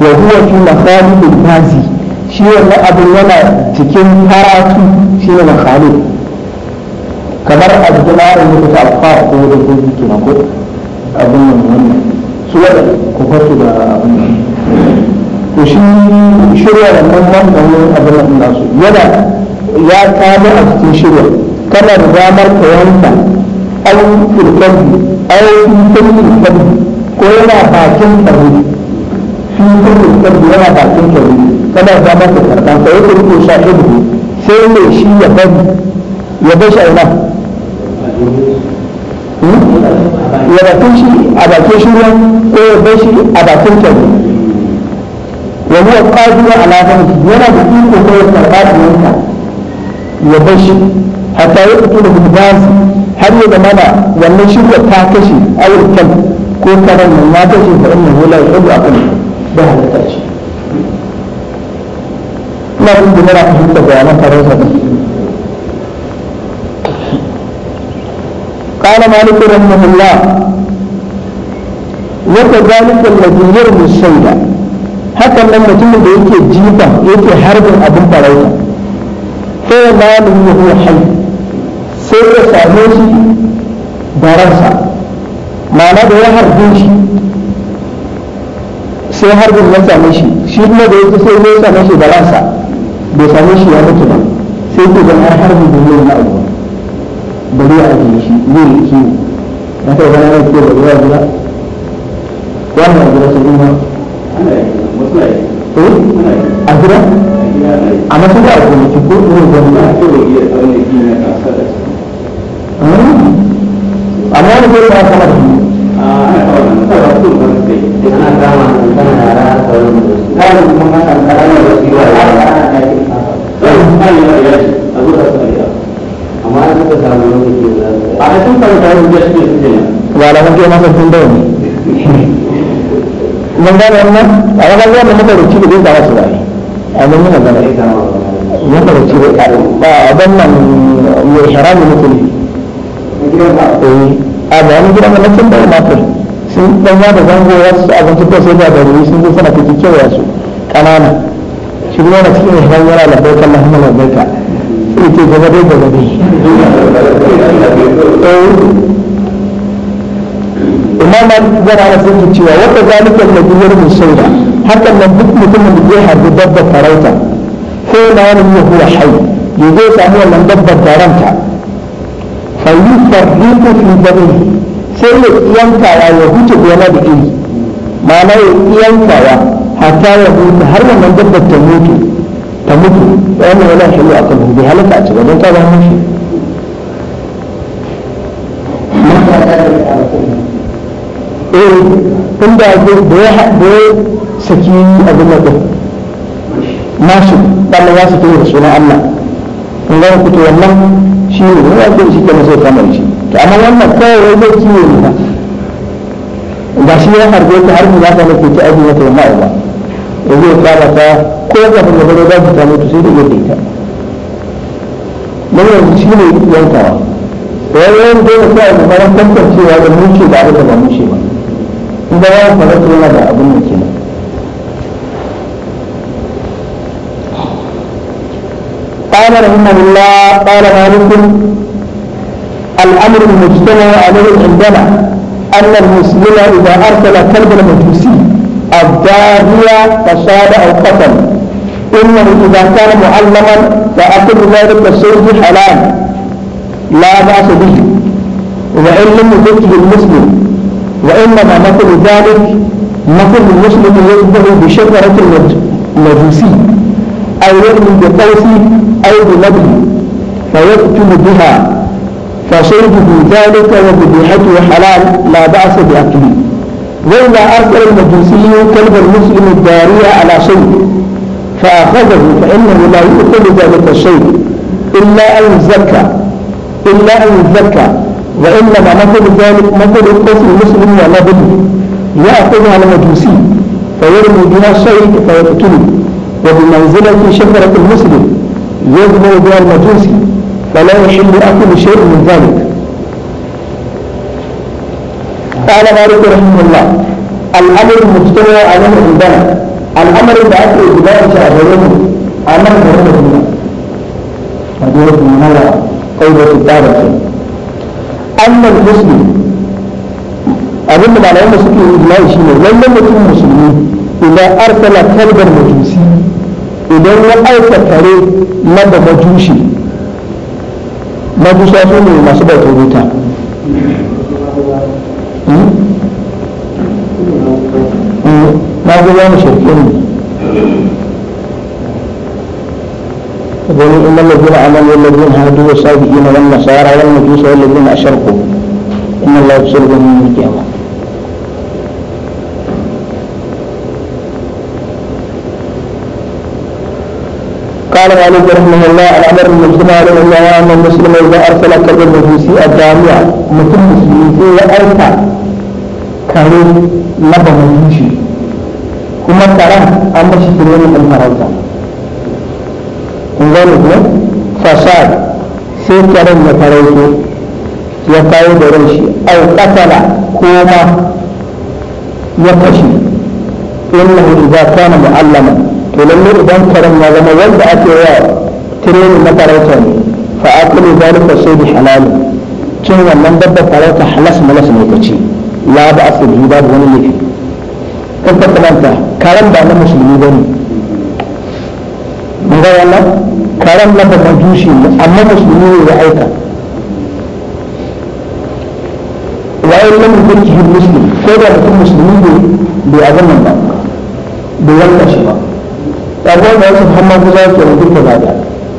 Speaker 2: وهو في مخالب الباسي shi wannan abin yana cikin faratu shi ne makhalif kamar a cikin ma'arin da ta alfa ko da ko ke mako ko abin nan wannan su wada ko fasu da abin nan to shi shirya da nan wani abin nan nasu yana ya kama a cikin shirya kana da damar ka yanka an filkabi ayyukan filkabi ko yana bakin tsaro shi ta fuskar da yana bakin kyau kada za ma ta karɓa ta yake riko sha ibu sai ne shi ya bari ya bar shi a ina hmm? ya bakin shi a bakin shi ruwan ko ya bar shi a bakin kyau wa huwa qadiru ala dhanbi yana da iko ko ya karɓa yanka ya bar shi hatta ya fito da bilbasi har ya zama da wannan shirya ta kashe ayyukan ko karan nan ya kashe da inna hula ya hudu a kan da halitta shi ina jin da mara fahimta bayanan farin sa قال مالك رحمه الله وكذلك الذي يرمي nan mutumin da yake jifa yake harbin abin farauta sai ya bayanin ya huwa hai sai ya same da ya harbe shi sai harbin ya same shi shi kuma da yake sai ya same shi da ransa bai same shi ya mutu ba sai ke ga har harbi da yi na abu ba zai ajiye shi zai yi kiwo na kai gana na ke da ruwa gida wannan a gida su yi ma
Speaker 3: eh? a
Speaker 2: gida a masu da abu ne ko ne gwamna amma wani zai ba kamar shi mutum ba su kai ana kama su wani kuma da su ana da kuma a zo su ya amma an samu wani ke a cikin da ba da kuma masa ne mun gane wannan a muka da ci da zai su ba a muna gane muka da ci da ba a mai harami mutum ne eh. a gidan ya mafi sun danya da zango wasu abinci ko sai da gari sun zo suna fiti cewa su kanana shi kuma na cikin ihram yana labbaika Allahumma labbaika sai ce gaba dai gaba dai imam zara na sun cewa wata zalika nabiyar musaida hakan nan duk mutumin da ya harbi dabba farauta ko na wani yahuwa hai ya zo samu wannan dabbar taranta fa yufarriqu fi damihi sai ya yankawa ya huce gona da iri ma'ana ya yankawa hatta ya huce har wannan dabbar ta mutu ta mutu wani yana shiru a kan bai halatta a cikin don kaba mashi eh inda da ya saki abin da nashi ɗan ya saki da suna Allah kun gama ku to wannan shi ne wani ce shi kenan sai kamar shi to amma wannan kawai zai ciwo ne ba ga shi ya harbe ta har mu zaka nake ci aji mata mai ba da zai fara ta ko ga mun da da ta to sai da yadda ita mun yanzu shi ne yankawa da yayin da ya sai da ran tantancewa da mushe da abin da ba mushe ba in da ya fara yana da abin da kenan قال رحمه الله قال مالك الأمر المجتمع عليه عندنا أن المسلم إذا أرسل كلب المجوسي الضارية فصاد أو قتل إنه إذا كان معلما فأكل ذلك الشيء حلال لا بأس به وإن لم يذكه المسلم وإنما مثل ذلك مثل المسلم يشبه بشجرة المجوسي أو يرمي بقوسه أو بنبل فيقتل بها فشربه ذلك وذبيحته حلال لا بأس بأكله وإذا أرسل المجوسي كلب المسلم الدارية على شيء فأخذه فإنه لا يؤكل ذلك الشيء إلا أن يزكى إلا أن يزكى وإنما مثل ذلك مثل القسم المسلم بد يأخذها المجوسي فيرمي بها الشيء فيقتله وبمنزلة شفرة المسلم يذبح بها المجوسي فلا يحل اكل شيء من ذلك قال مالك رحمه الله الامر مجتمع على الاذان الامر باكل الاذان شهرين امر رحمه الله فدور من هذا قوله الدارجه اما المسلم أظن على أن سكي إجلاء شيئا لن لم يكن مسلمين إذا أرسل كلبا مجوسي إذا هو أرسل كريم مدى مجوشي magusa su ne masu bakin wuta hmm? hmm? magusa mu shirke ne wani inna lalzina amal wallazin hadu wa sabi'ina wan nasara wal majusa wallazina قال مالك رحمه الله الامر المجتمع عليه الله ان المسلم اذا ارسل كبره في الجامعه متم مسلم اذا ارسل كانوا لبن يمشي كما ترى اما شكرين من المرضى ذلك فساد sai karen ya farauto ya kawo da ran shi au katala ko ma ya kashe innahu idza kana mu'allaman ولما يدان كرم ما لما ولد أتيوا ترين ما تروتهم فأكل ذلك الصيد حلال كن ولما دب تروت حلس ملس ميكشي لا بأس الهباب ولا نفي كنت تلانتا كرم بعد مسلمي بني ماذا يلا كرم لما مجوشي أما مسلمي رأيتا وإن لم يكن مسلم كذا يكون مسلمي بأذن الله بولد شباب ta ga wanda wasu hamma ku za su rubu ku lada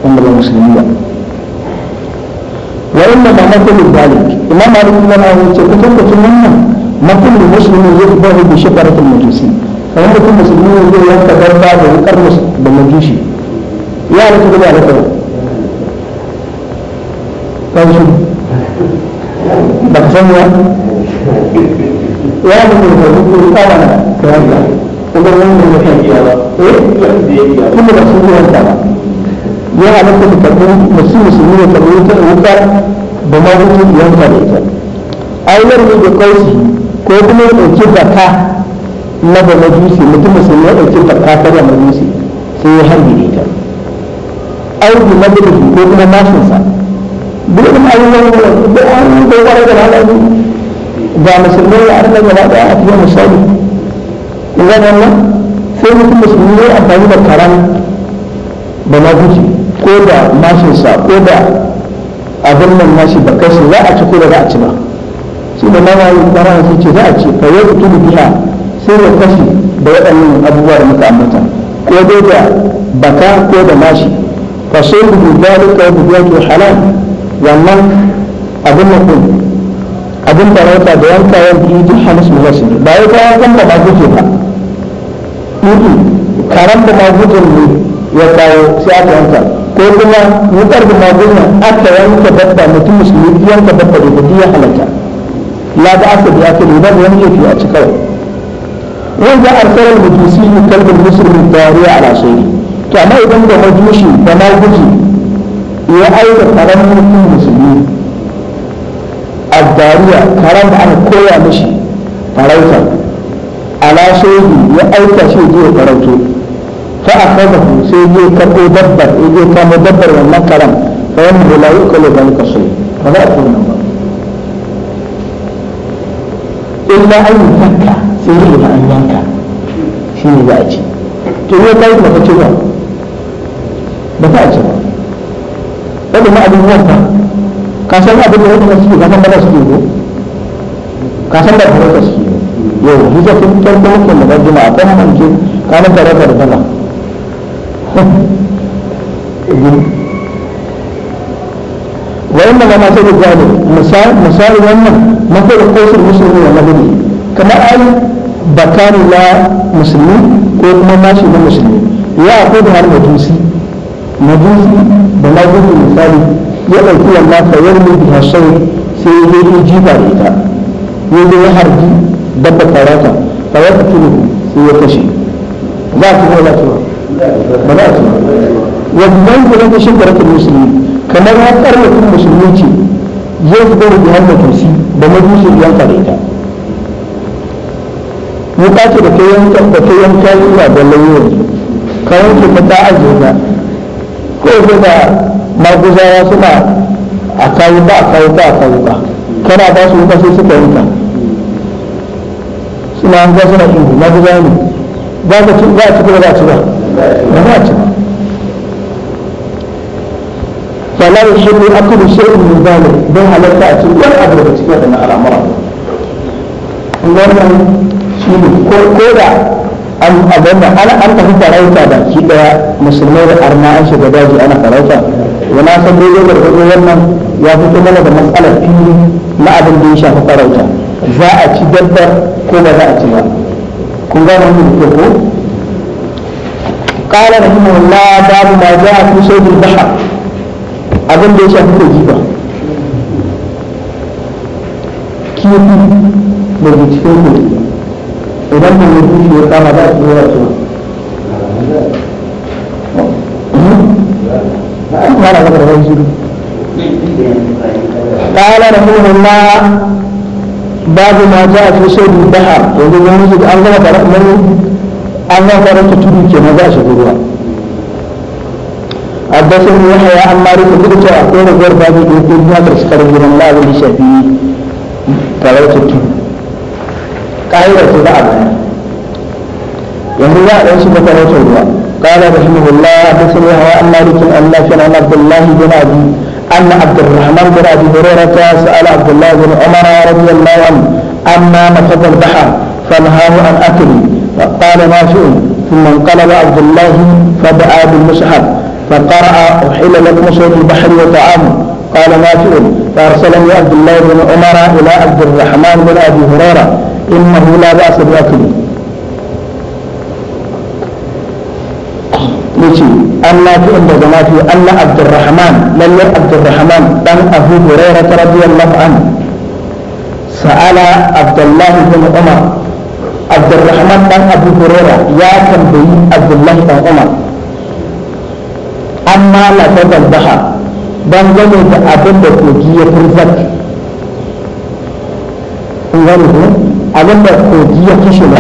Speaker 2: wanda ba musulmi ba wa inna ma makalu dalik imam malik ibn rawi ce ku tabbata wannan makalu muslimin zai ba ku shakaratul majusi kamar mutum musulmi ne zai yanka dabba da wukar da majushi ya rubuta da alƙawari kawai ba ka san ya ya rubuta da alƙawari kuma wanda ya kan iya ba kuma ba ya halatta da karbi musu musulmi wuta da ma wuta yanka da ita da kausi ko kuma ya ɗauki na da majusi mutum ya ɗauki baka ta da majusi sai ya harbi da ita aiki na da ko kuma mashinsa duk da ayyukan da yi da da ga musulmai a arna gaba daya zan wannan sai mutum musulmi ya amfani da karan da maguji ko da mashinsa ko da abin nan nashi ba kashi za a ci ko da za a ci ba shi da mana bara sai ce za a ci fa yau tudu biha sai ya kashi da waɗannan abubuwa da muka ambata ko dai da baka ko da mashi fa sai da dalika wa bidiyatu halal wannan abin nan abin da rauta da yanka yanki duk halis mu nasu ba ya kawo kan da maguje ba mutu karan da maguje ne ya kawo sai aka yanka ko kuma wutar da maguje aka yanka dabba mutum musulmi yanka dabba da gudu ya halatta la da aka biya aka riba da wani yafi a ci kawai wanda arsalar mutusi ne kalbin musulmi dariya a rasuri to amma idan da majushi da maguji ya aika karan mutum musulmi dariya taron da aka koya mishi farauta ala shehu ya aika shi je ya farauto fa akhadahu sai je karbo dabbar ya je kamo dabbar wannan karam fa yanzu la yukalu zalika shay fa za ku nan ba illa an yanka sai yi ga an yanka shi ne za a ci to ne kai ba ka ci ba ba ka ci ba wanda ma abin yanka Kasan san abin da ya kuma suke kasan su suke ko ka san da farauta suke yau hujja kun tarko mutum da gajima a kan manje kanin farauta da dala وإنما ما تجد ذلك مثال مثال وإنما مثل قوس المسلمين والمدني كما قال بكان لا مسلمين وكما ماشي لا مسلمين da أقول هذا مجوسي مجوسي بلا misali. ya ɗauki wannan fayar mulki hassan sai ya yi jifa da ita ya yi ya harbi dabba farata fayar da turu sai ya kashe za a tuba za a tuba ba za a tuba wannan kuma ta shekarar musulmi kamar ya karnatin musulmi ce ya zuba da jihar da tusi da majusin yanka da ita wuka ce da ta yanka da ta yanka zuwa da lauyoyi kawai ke ta ta ajiye ko da maguzawa suna a kayi ba a kayi ba a kayi ba kana ba su wuka sai suka wuka suna an ga suna ihu maguzawa ne ba ka ci za a ci ba za a ci ba ba za a ci ba fala ya shi ne akulu shi'in min zalim don halatta a cikin wani abu daga cikin wadannan al'amura wannan shi ne ko da an abin da an tafi farauta baki daya musulmai da arna an shiga daji ana farauta wala san daidai gargado wannan ya fito mana da matsalar fili na abin da ya shafi farauta za a ci dabbar ko ba za a ci ba kun gane wannan da ko قال رحمه الله باب ما جاء في صيد البحر abin da ya shafi kogi ba kifi da ke cikin kogi idan ba mai ya kama za قال رحمه الله باب ما جاء في شيء البحر يقول لهم يجد أن غفر من أن غفر تتبي كما جاء شكرا حدثني يحيى عن مالك بن جعفر غير بابي يقول ما تشكر من الله ولشفيه قال تتبي قاعدة تبع بها وهو ليس ثلاث الله قال رحمه الله حدثني هو عن مالك ان نافع عن عبد الله بن ابي ان عبد الرحمن بن ابي هريره سال عبد الله بن عمر رضي الله عنه اما نفذ البحر فنهاه عن اكله فقال نافع ثم انقلب عبد الله فدعا بالمصحف فقرأ أحل لكم صوت البحر وطعامه قال نافع فأرسلني عبد الله بن عمر إلى عبد الرحمن بن أبي هريرة إنه لا بأس بأكله أن نافع أن عبد الرحمن لم عبد الرحمن بن أبو هريرة رضي الله عنه سأل عبد الله بن عمر عبد الرحمن بن أبو هريرة يا تنبي عبد الله بن عمر أما لا تذبح dangane da abin da kogi ya furzar wani ne abin da kogi ya kashe da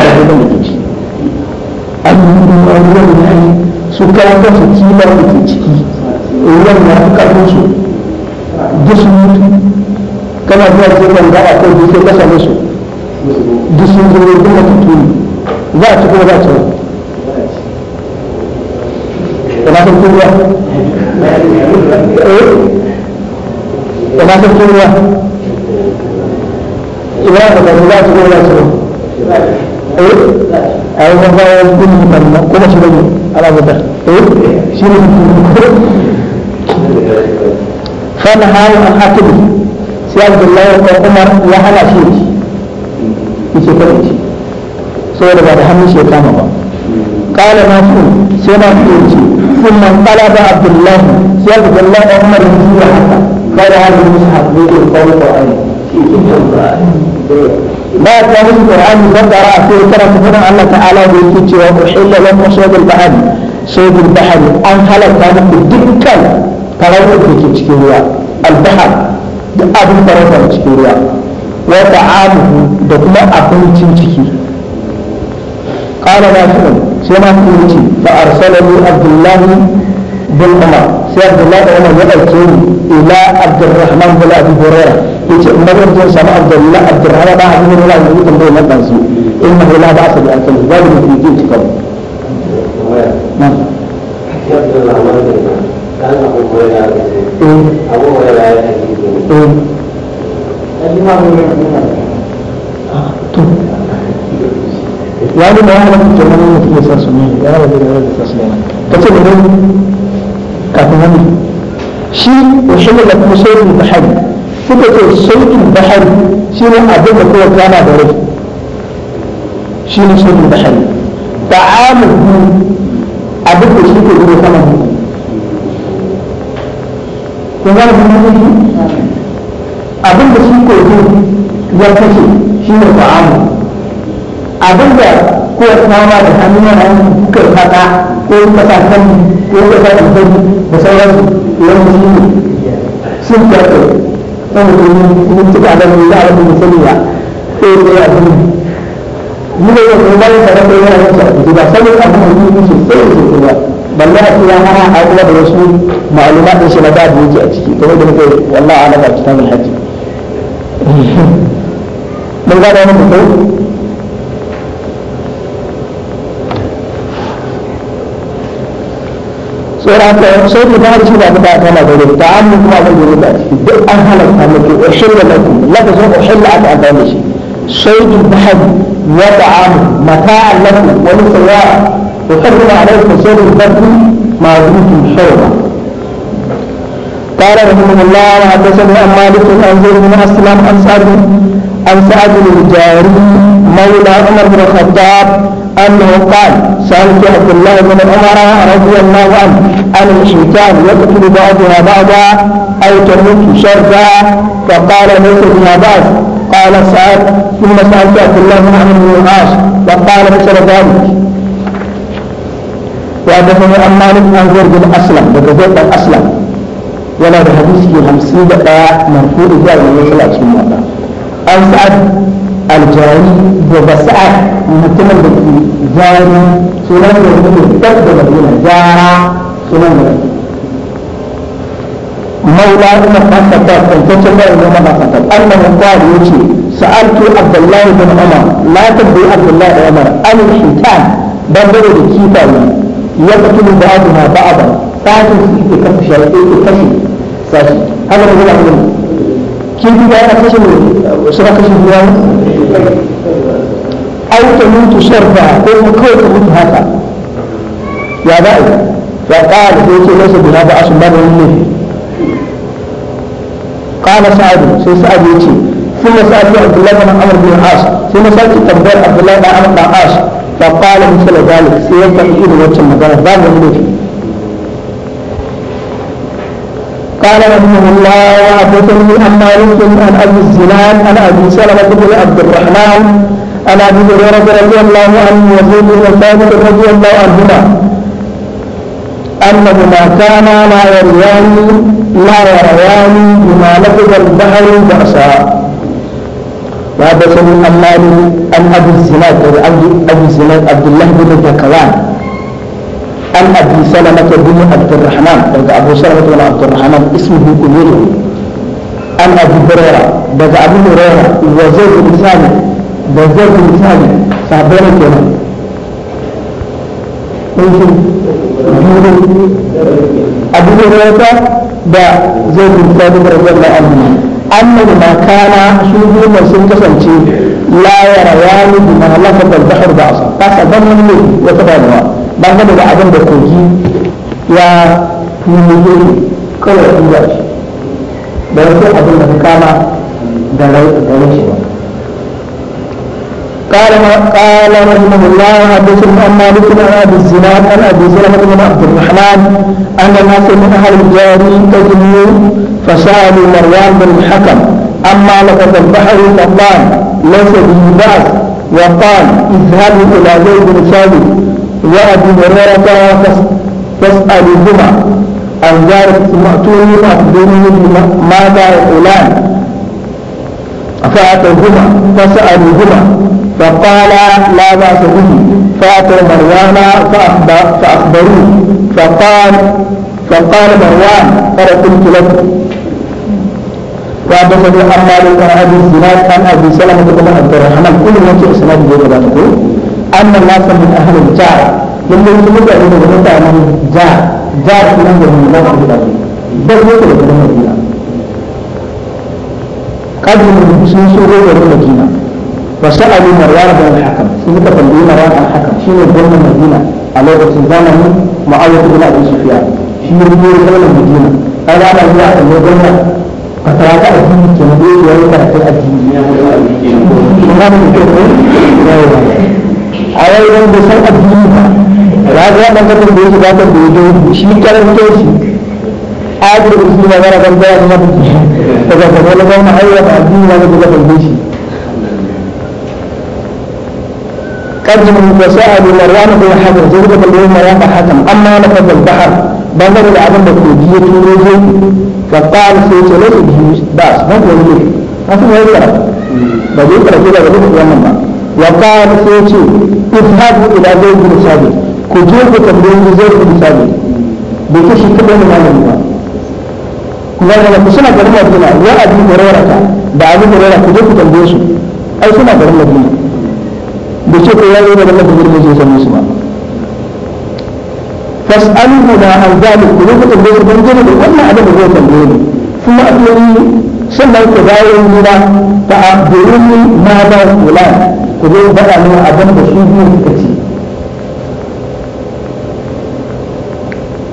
Speaker 2: su kawo kansu kima da ke ciki ruwan na fi karfin su duk mutu kana zuwa gefen da a kai duke kasa musu duk sun zo duk da tutu ne za a ci za a ci ba ta kurwa eh ba ta kurwa
Speaker 3: ina da ba za a ci za a ci Eh?
Speaker 2: a yi wani bayan kun yi manna kuma shi bane al'abudar eh? shi ne fana hawa an hakimi sai abdullahi ko umar ya hana shi ne ce kada ce saboda ba da hannun shi ya kama ba kala na su sai na su ce sun man kala ba abdullahi sai abdullahi umar ya haka kada hannun shi haɗu da kawai ƙwa'ani ba ta musu qur'ani ban da ra'a sai kana Allah ta'ala da yake cewa uhilla lakum shaydul bahr shaydul bahr an halaka muku dukkan karamu da yake cikin ruwa al bahr da abin da cikin ruwa wa ta'amuhu da kuma abincin ciki qala rasul sai ma ku yace fa arsalani abdullah bin sai abdullah bin umar ya dauke ni ila abdulrahman bin abi hurairah yace in bazan je samu Abdullahi Abdurrahman ba abin da zai yi tambaye na bansu in ma la ba su da alƙali ba da mutum ke cika wani ma yana mutum wani mutum ya sa su ne ya rabu da ya sa su ne ta ce da kafin wani shi wa shi ne da kuma sauran da hali suka ce sautin bahari shi ne abin da kowa kana da rai shi ne sautin bahari ta'amuhu abin da shi ke zuwa sama ne kun gane kuma ne abin da shi ke zuwa ya kace shi ne ta'amu abin da kowa kama da hannu yana yin kukar kata ko kasa kan ko kasa kan da sauransu yawon shi ne sun karɓe mun cika da mu da abin da sani ba sai da ya abin mu da yau ba ya fara da yana da shi ba sai da abin da shi sai da shi ba balle a cikin hana a kuma da wasu ma'aluma da shi na da yake a ciki kamar da nake wallahi ana ba kitabul hajji mun ga da mun ko yana ta sai da ba shi da ta kana da ta amma kuma da da duk an halatta muku uhilla lakum lafazin uhilla aka amfani shi sai da bahad wa ta'am mata'an lakum wa nisara wa kadama alaikum sai da bahad ma zukum shawra قال رحمه الله وحدثني عن مالك عن زيد بن اسلم عن سعد عن سعد الجاري مولى عمر بن الخطاب أنه قال سألت عبد الله بن عمر رضي الله عنه أن الشيطان يقتل بعضها بعضا أو تموت شردا فقال ليس بها بأس قال سعد ثم سألت عبد الله بن عمر بن العاص فقال ليس ذلك وحدثني عن مالك عن زيد بن أسلم وزيد بن أسلم ولا بحديثه في خمسين دقيقة مرفوع إلى النبي يصل الله عليه عن سعد aljari da basa'ar mutumin da ke jari sunan da yake dab da madina jara sunan da maula umar dan khattab tantaccen ma umar dan khattab annahu qala yace sa'altu abdullah bin umar la ta tabbi abdullah bin umar an hitan bangare da kifaye ya fito da abu ba ba'da sashi su ke kafa shari'a ke kashi sashi haka ne da kifi da ya kashe ne su kashe ruwan ai ta mutu sharfa ko kuma kawai ta mutu haka ya ba a ya kawai da ke nasa guna ba a sun bada wani ne kawai sa'adu sai sa'adu ya ce sun na sa'adu a abdullahi ɗan amur bin as sun na sa'adu tambayar abdullahi ɗan amur ɗan as ba kawai misalar galib sai ya ta ikini wancan maganar ba da wani ne قال رحمه الله وحدثني عن مالك عن ابي الزناد عن ابي سلمه بن عبد الرحمن عن ابي هريره رضي الله عنه وزيد بن ثابت رضي الله عنهما انهما كانا لا يريان لا يريان بما لفظ البحر بأسا وحدثني عن مالك عن ابي الزناد عن ابي الزناد عبد الله بن ذكوان an abi salamata bin abdurrahman daga abu salamata bin abdurrahman an abu hurairah daga abu hurairah wa da zaid bin sabit sahabbai kenan abu hurairah da zaid bin sabit radiyallahu anhu annahu ma kana su biyu sun kasance la yarawani bi mahlafat da bahr ba'sa kasa dan wani wata bayarwa dangane da abin da kogi ya tuni zai kawai tura shi da wasu abin da kama da rashin قال قال رحمه الله حدثنا عن مالك عن ابي الزناد عن ابي سلمه بن عبد الرحمن ان ناس من اهل الجاري تجنوا فسالوا مروان بن الحكم اما لقد البحر فقال ليس به باس وقال اذهبوا الى زيد بن ثابت وأبي هريرة تسألهما عن ذلك مأتوني فأخبروني ماذا يقولان فأتوهما فسألوهما فقال لا بأس به فأتوا مروان فأخبروه فقال فقال مروان قد قلت لكم وحدثني عن مالك عن ابي الزناد عن ابي سلمه بن عبد الرحمن كل من في اسناد الجبل annan na san mutum ahalin ja yin da wasu mutane da wani tsanin ja ja da kuma da wani zafi da a lokacin zamani ma'awar kuma abin su fiya shi ana a kan gwamnan fatara na doki a wiki ya ya zama a wiki ya zama a wiki a wiki ya zama a wiki ya zama a wiki ya zama a wiki ya zama a wiki ya zama a wiki ya zama a wiki ya zama a wiki ya zama a wiki ya zama a wiki ya zama a wiki ya zama a wiki ya zama a wiki ya zama a wiki ya zama a wiki ya zama a wiki ya zama a wiki ya zama a wiki ya zama a wiki ya a yayin da san addini ba raga ya ɗanɗa da yake ba ta dodo shi karanta shi ajiyar musulma yana ban baya da mafi daga kamar na gwamna ayyuka da addini na da zaɓar shi قدم وسأل مروان بن حجر زوجة بن مروان حكم أما نفذ البحر بنظر العدم بكودية وجهه فقال سيت ليس به باس ما هو ما في ما يقرأ بل يقرأ كذا بل يقرأ وقال سيتي اذهبوا إلى زيد بن ثابت كجوك تبين زيد بن ثابت بكش كبير من هذا المكان kuma da ku suna garin Madina ya abi Hurairah ta da abi Hurairah ku je ku tambaye su ai suna garin Madina da ce ko ya zo daga Madina ne sai sanin su ba fas'aluhu da an zalu ku da zai kuma a sannan ku dawo gida ta abduruni ma ba kula ku zo faɗa min abin da su biyu suka ci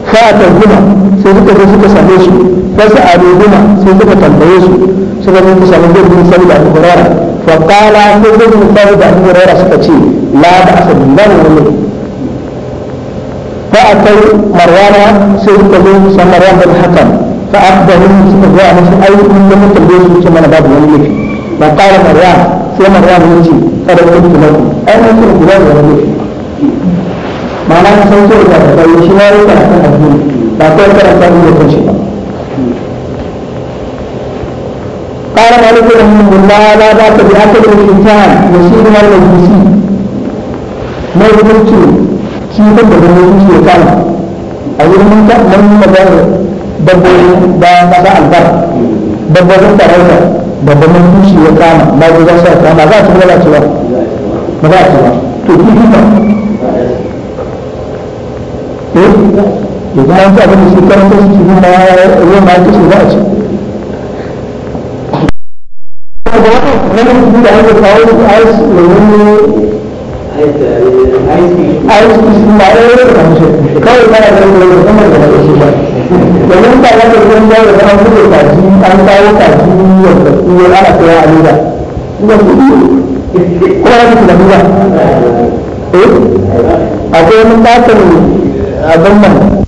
Speaker 2: fa ta guma sai suka zo suka same su wasu a guma sai suka tambaye su suka zo su samu zai bin sabu da kurera fa kala sai zai bin sabu da kurera suka ce la da asabin da wani fa akai marwana sai suka zo su san marwana da hakan fa abdahu suka ga musu ai kun da mutum da su ce mana babu wani laifi ba kala maryam sai maryam ne ce kada ku ku ba ai mun ku ba wani laifi ma'ana ka san sai da ba shi ne ya ta kan abu ba kai kana san ne kun shi ba قال مالك رحمه الله لا بأس بأكل الإنسان يسير على المسيء ما يمكن كيف تبدو A كان أي من كان ba مدار dabbobin bayan kasa albar dabbobin farauta dabbobin tushe ya kama ba za su kama za su gaba cewa ba za su ba to kifi ba eh da kuma an abin da shi karanta su kifi ma ruwan ma kashe za a ci wani da aka kawo da ya yi da wani da ba domin ta zaka san da da an buɗe kaji an kawo kaji ya su ana koya a leda ina kuɗi ko ana kuɗi da leda eh akwai wani katon abin nan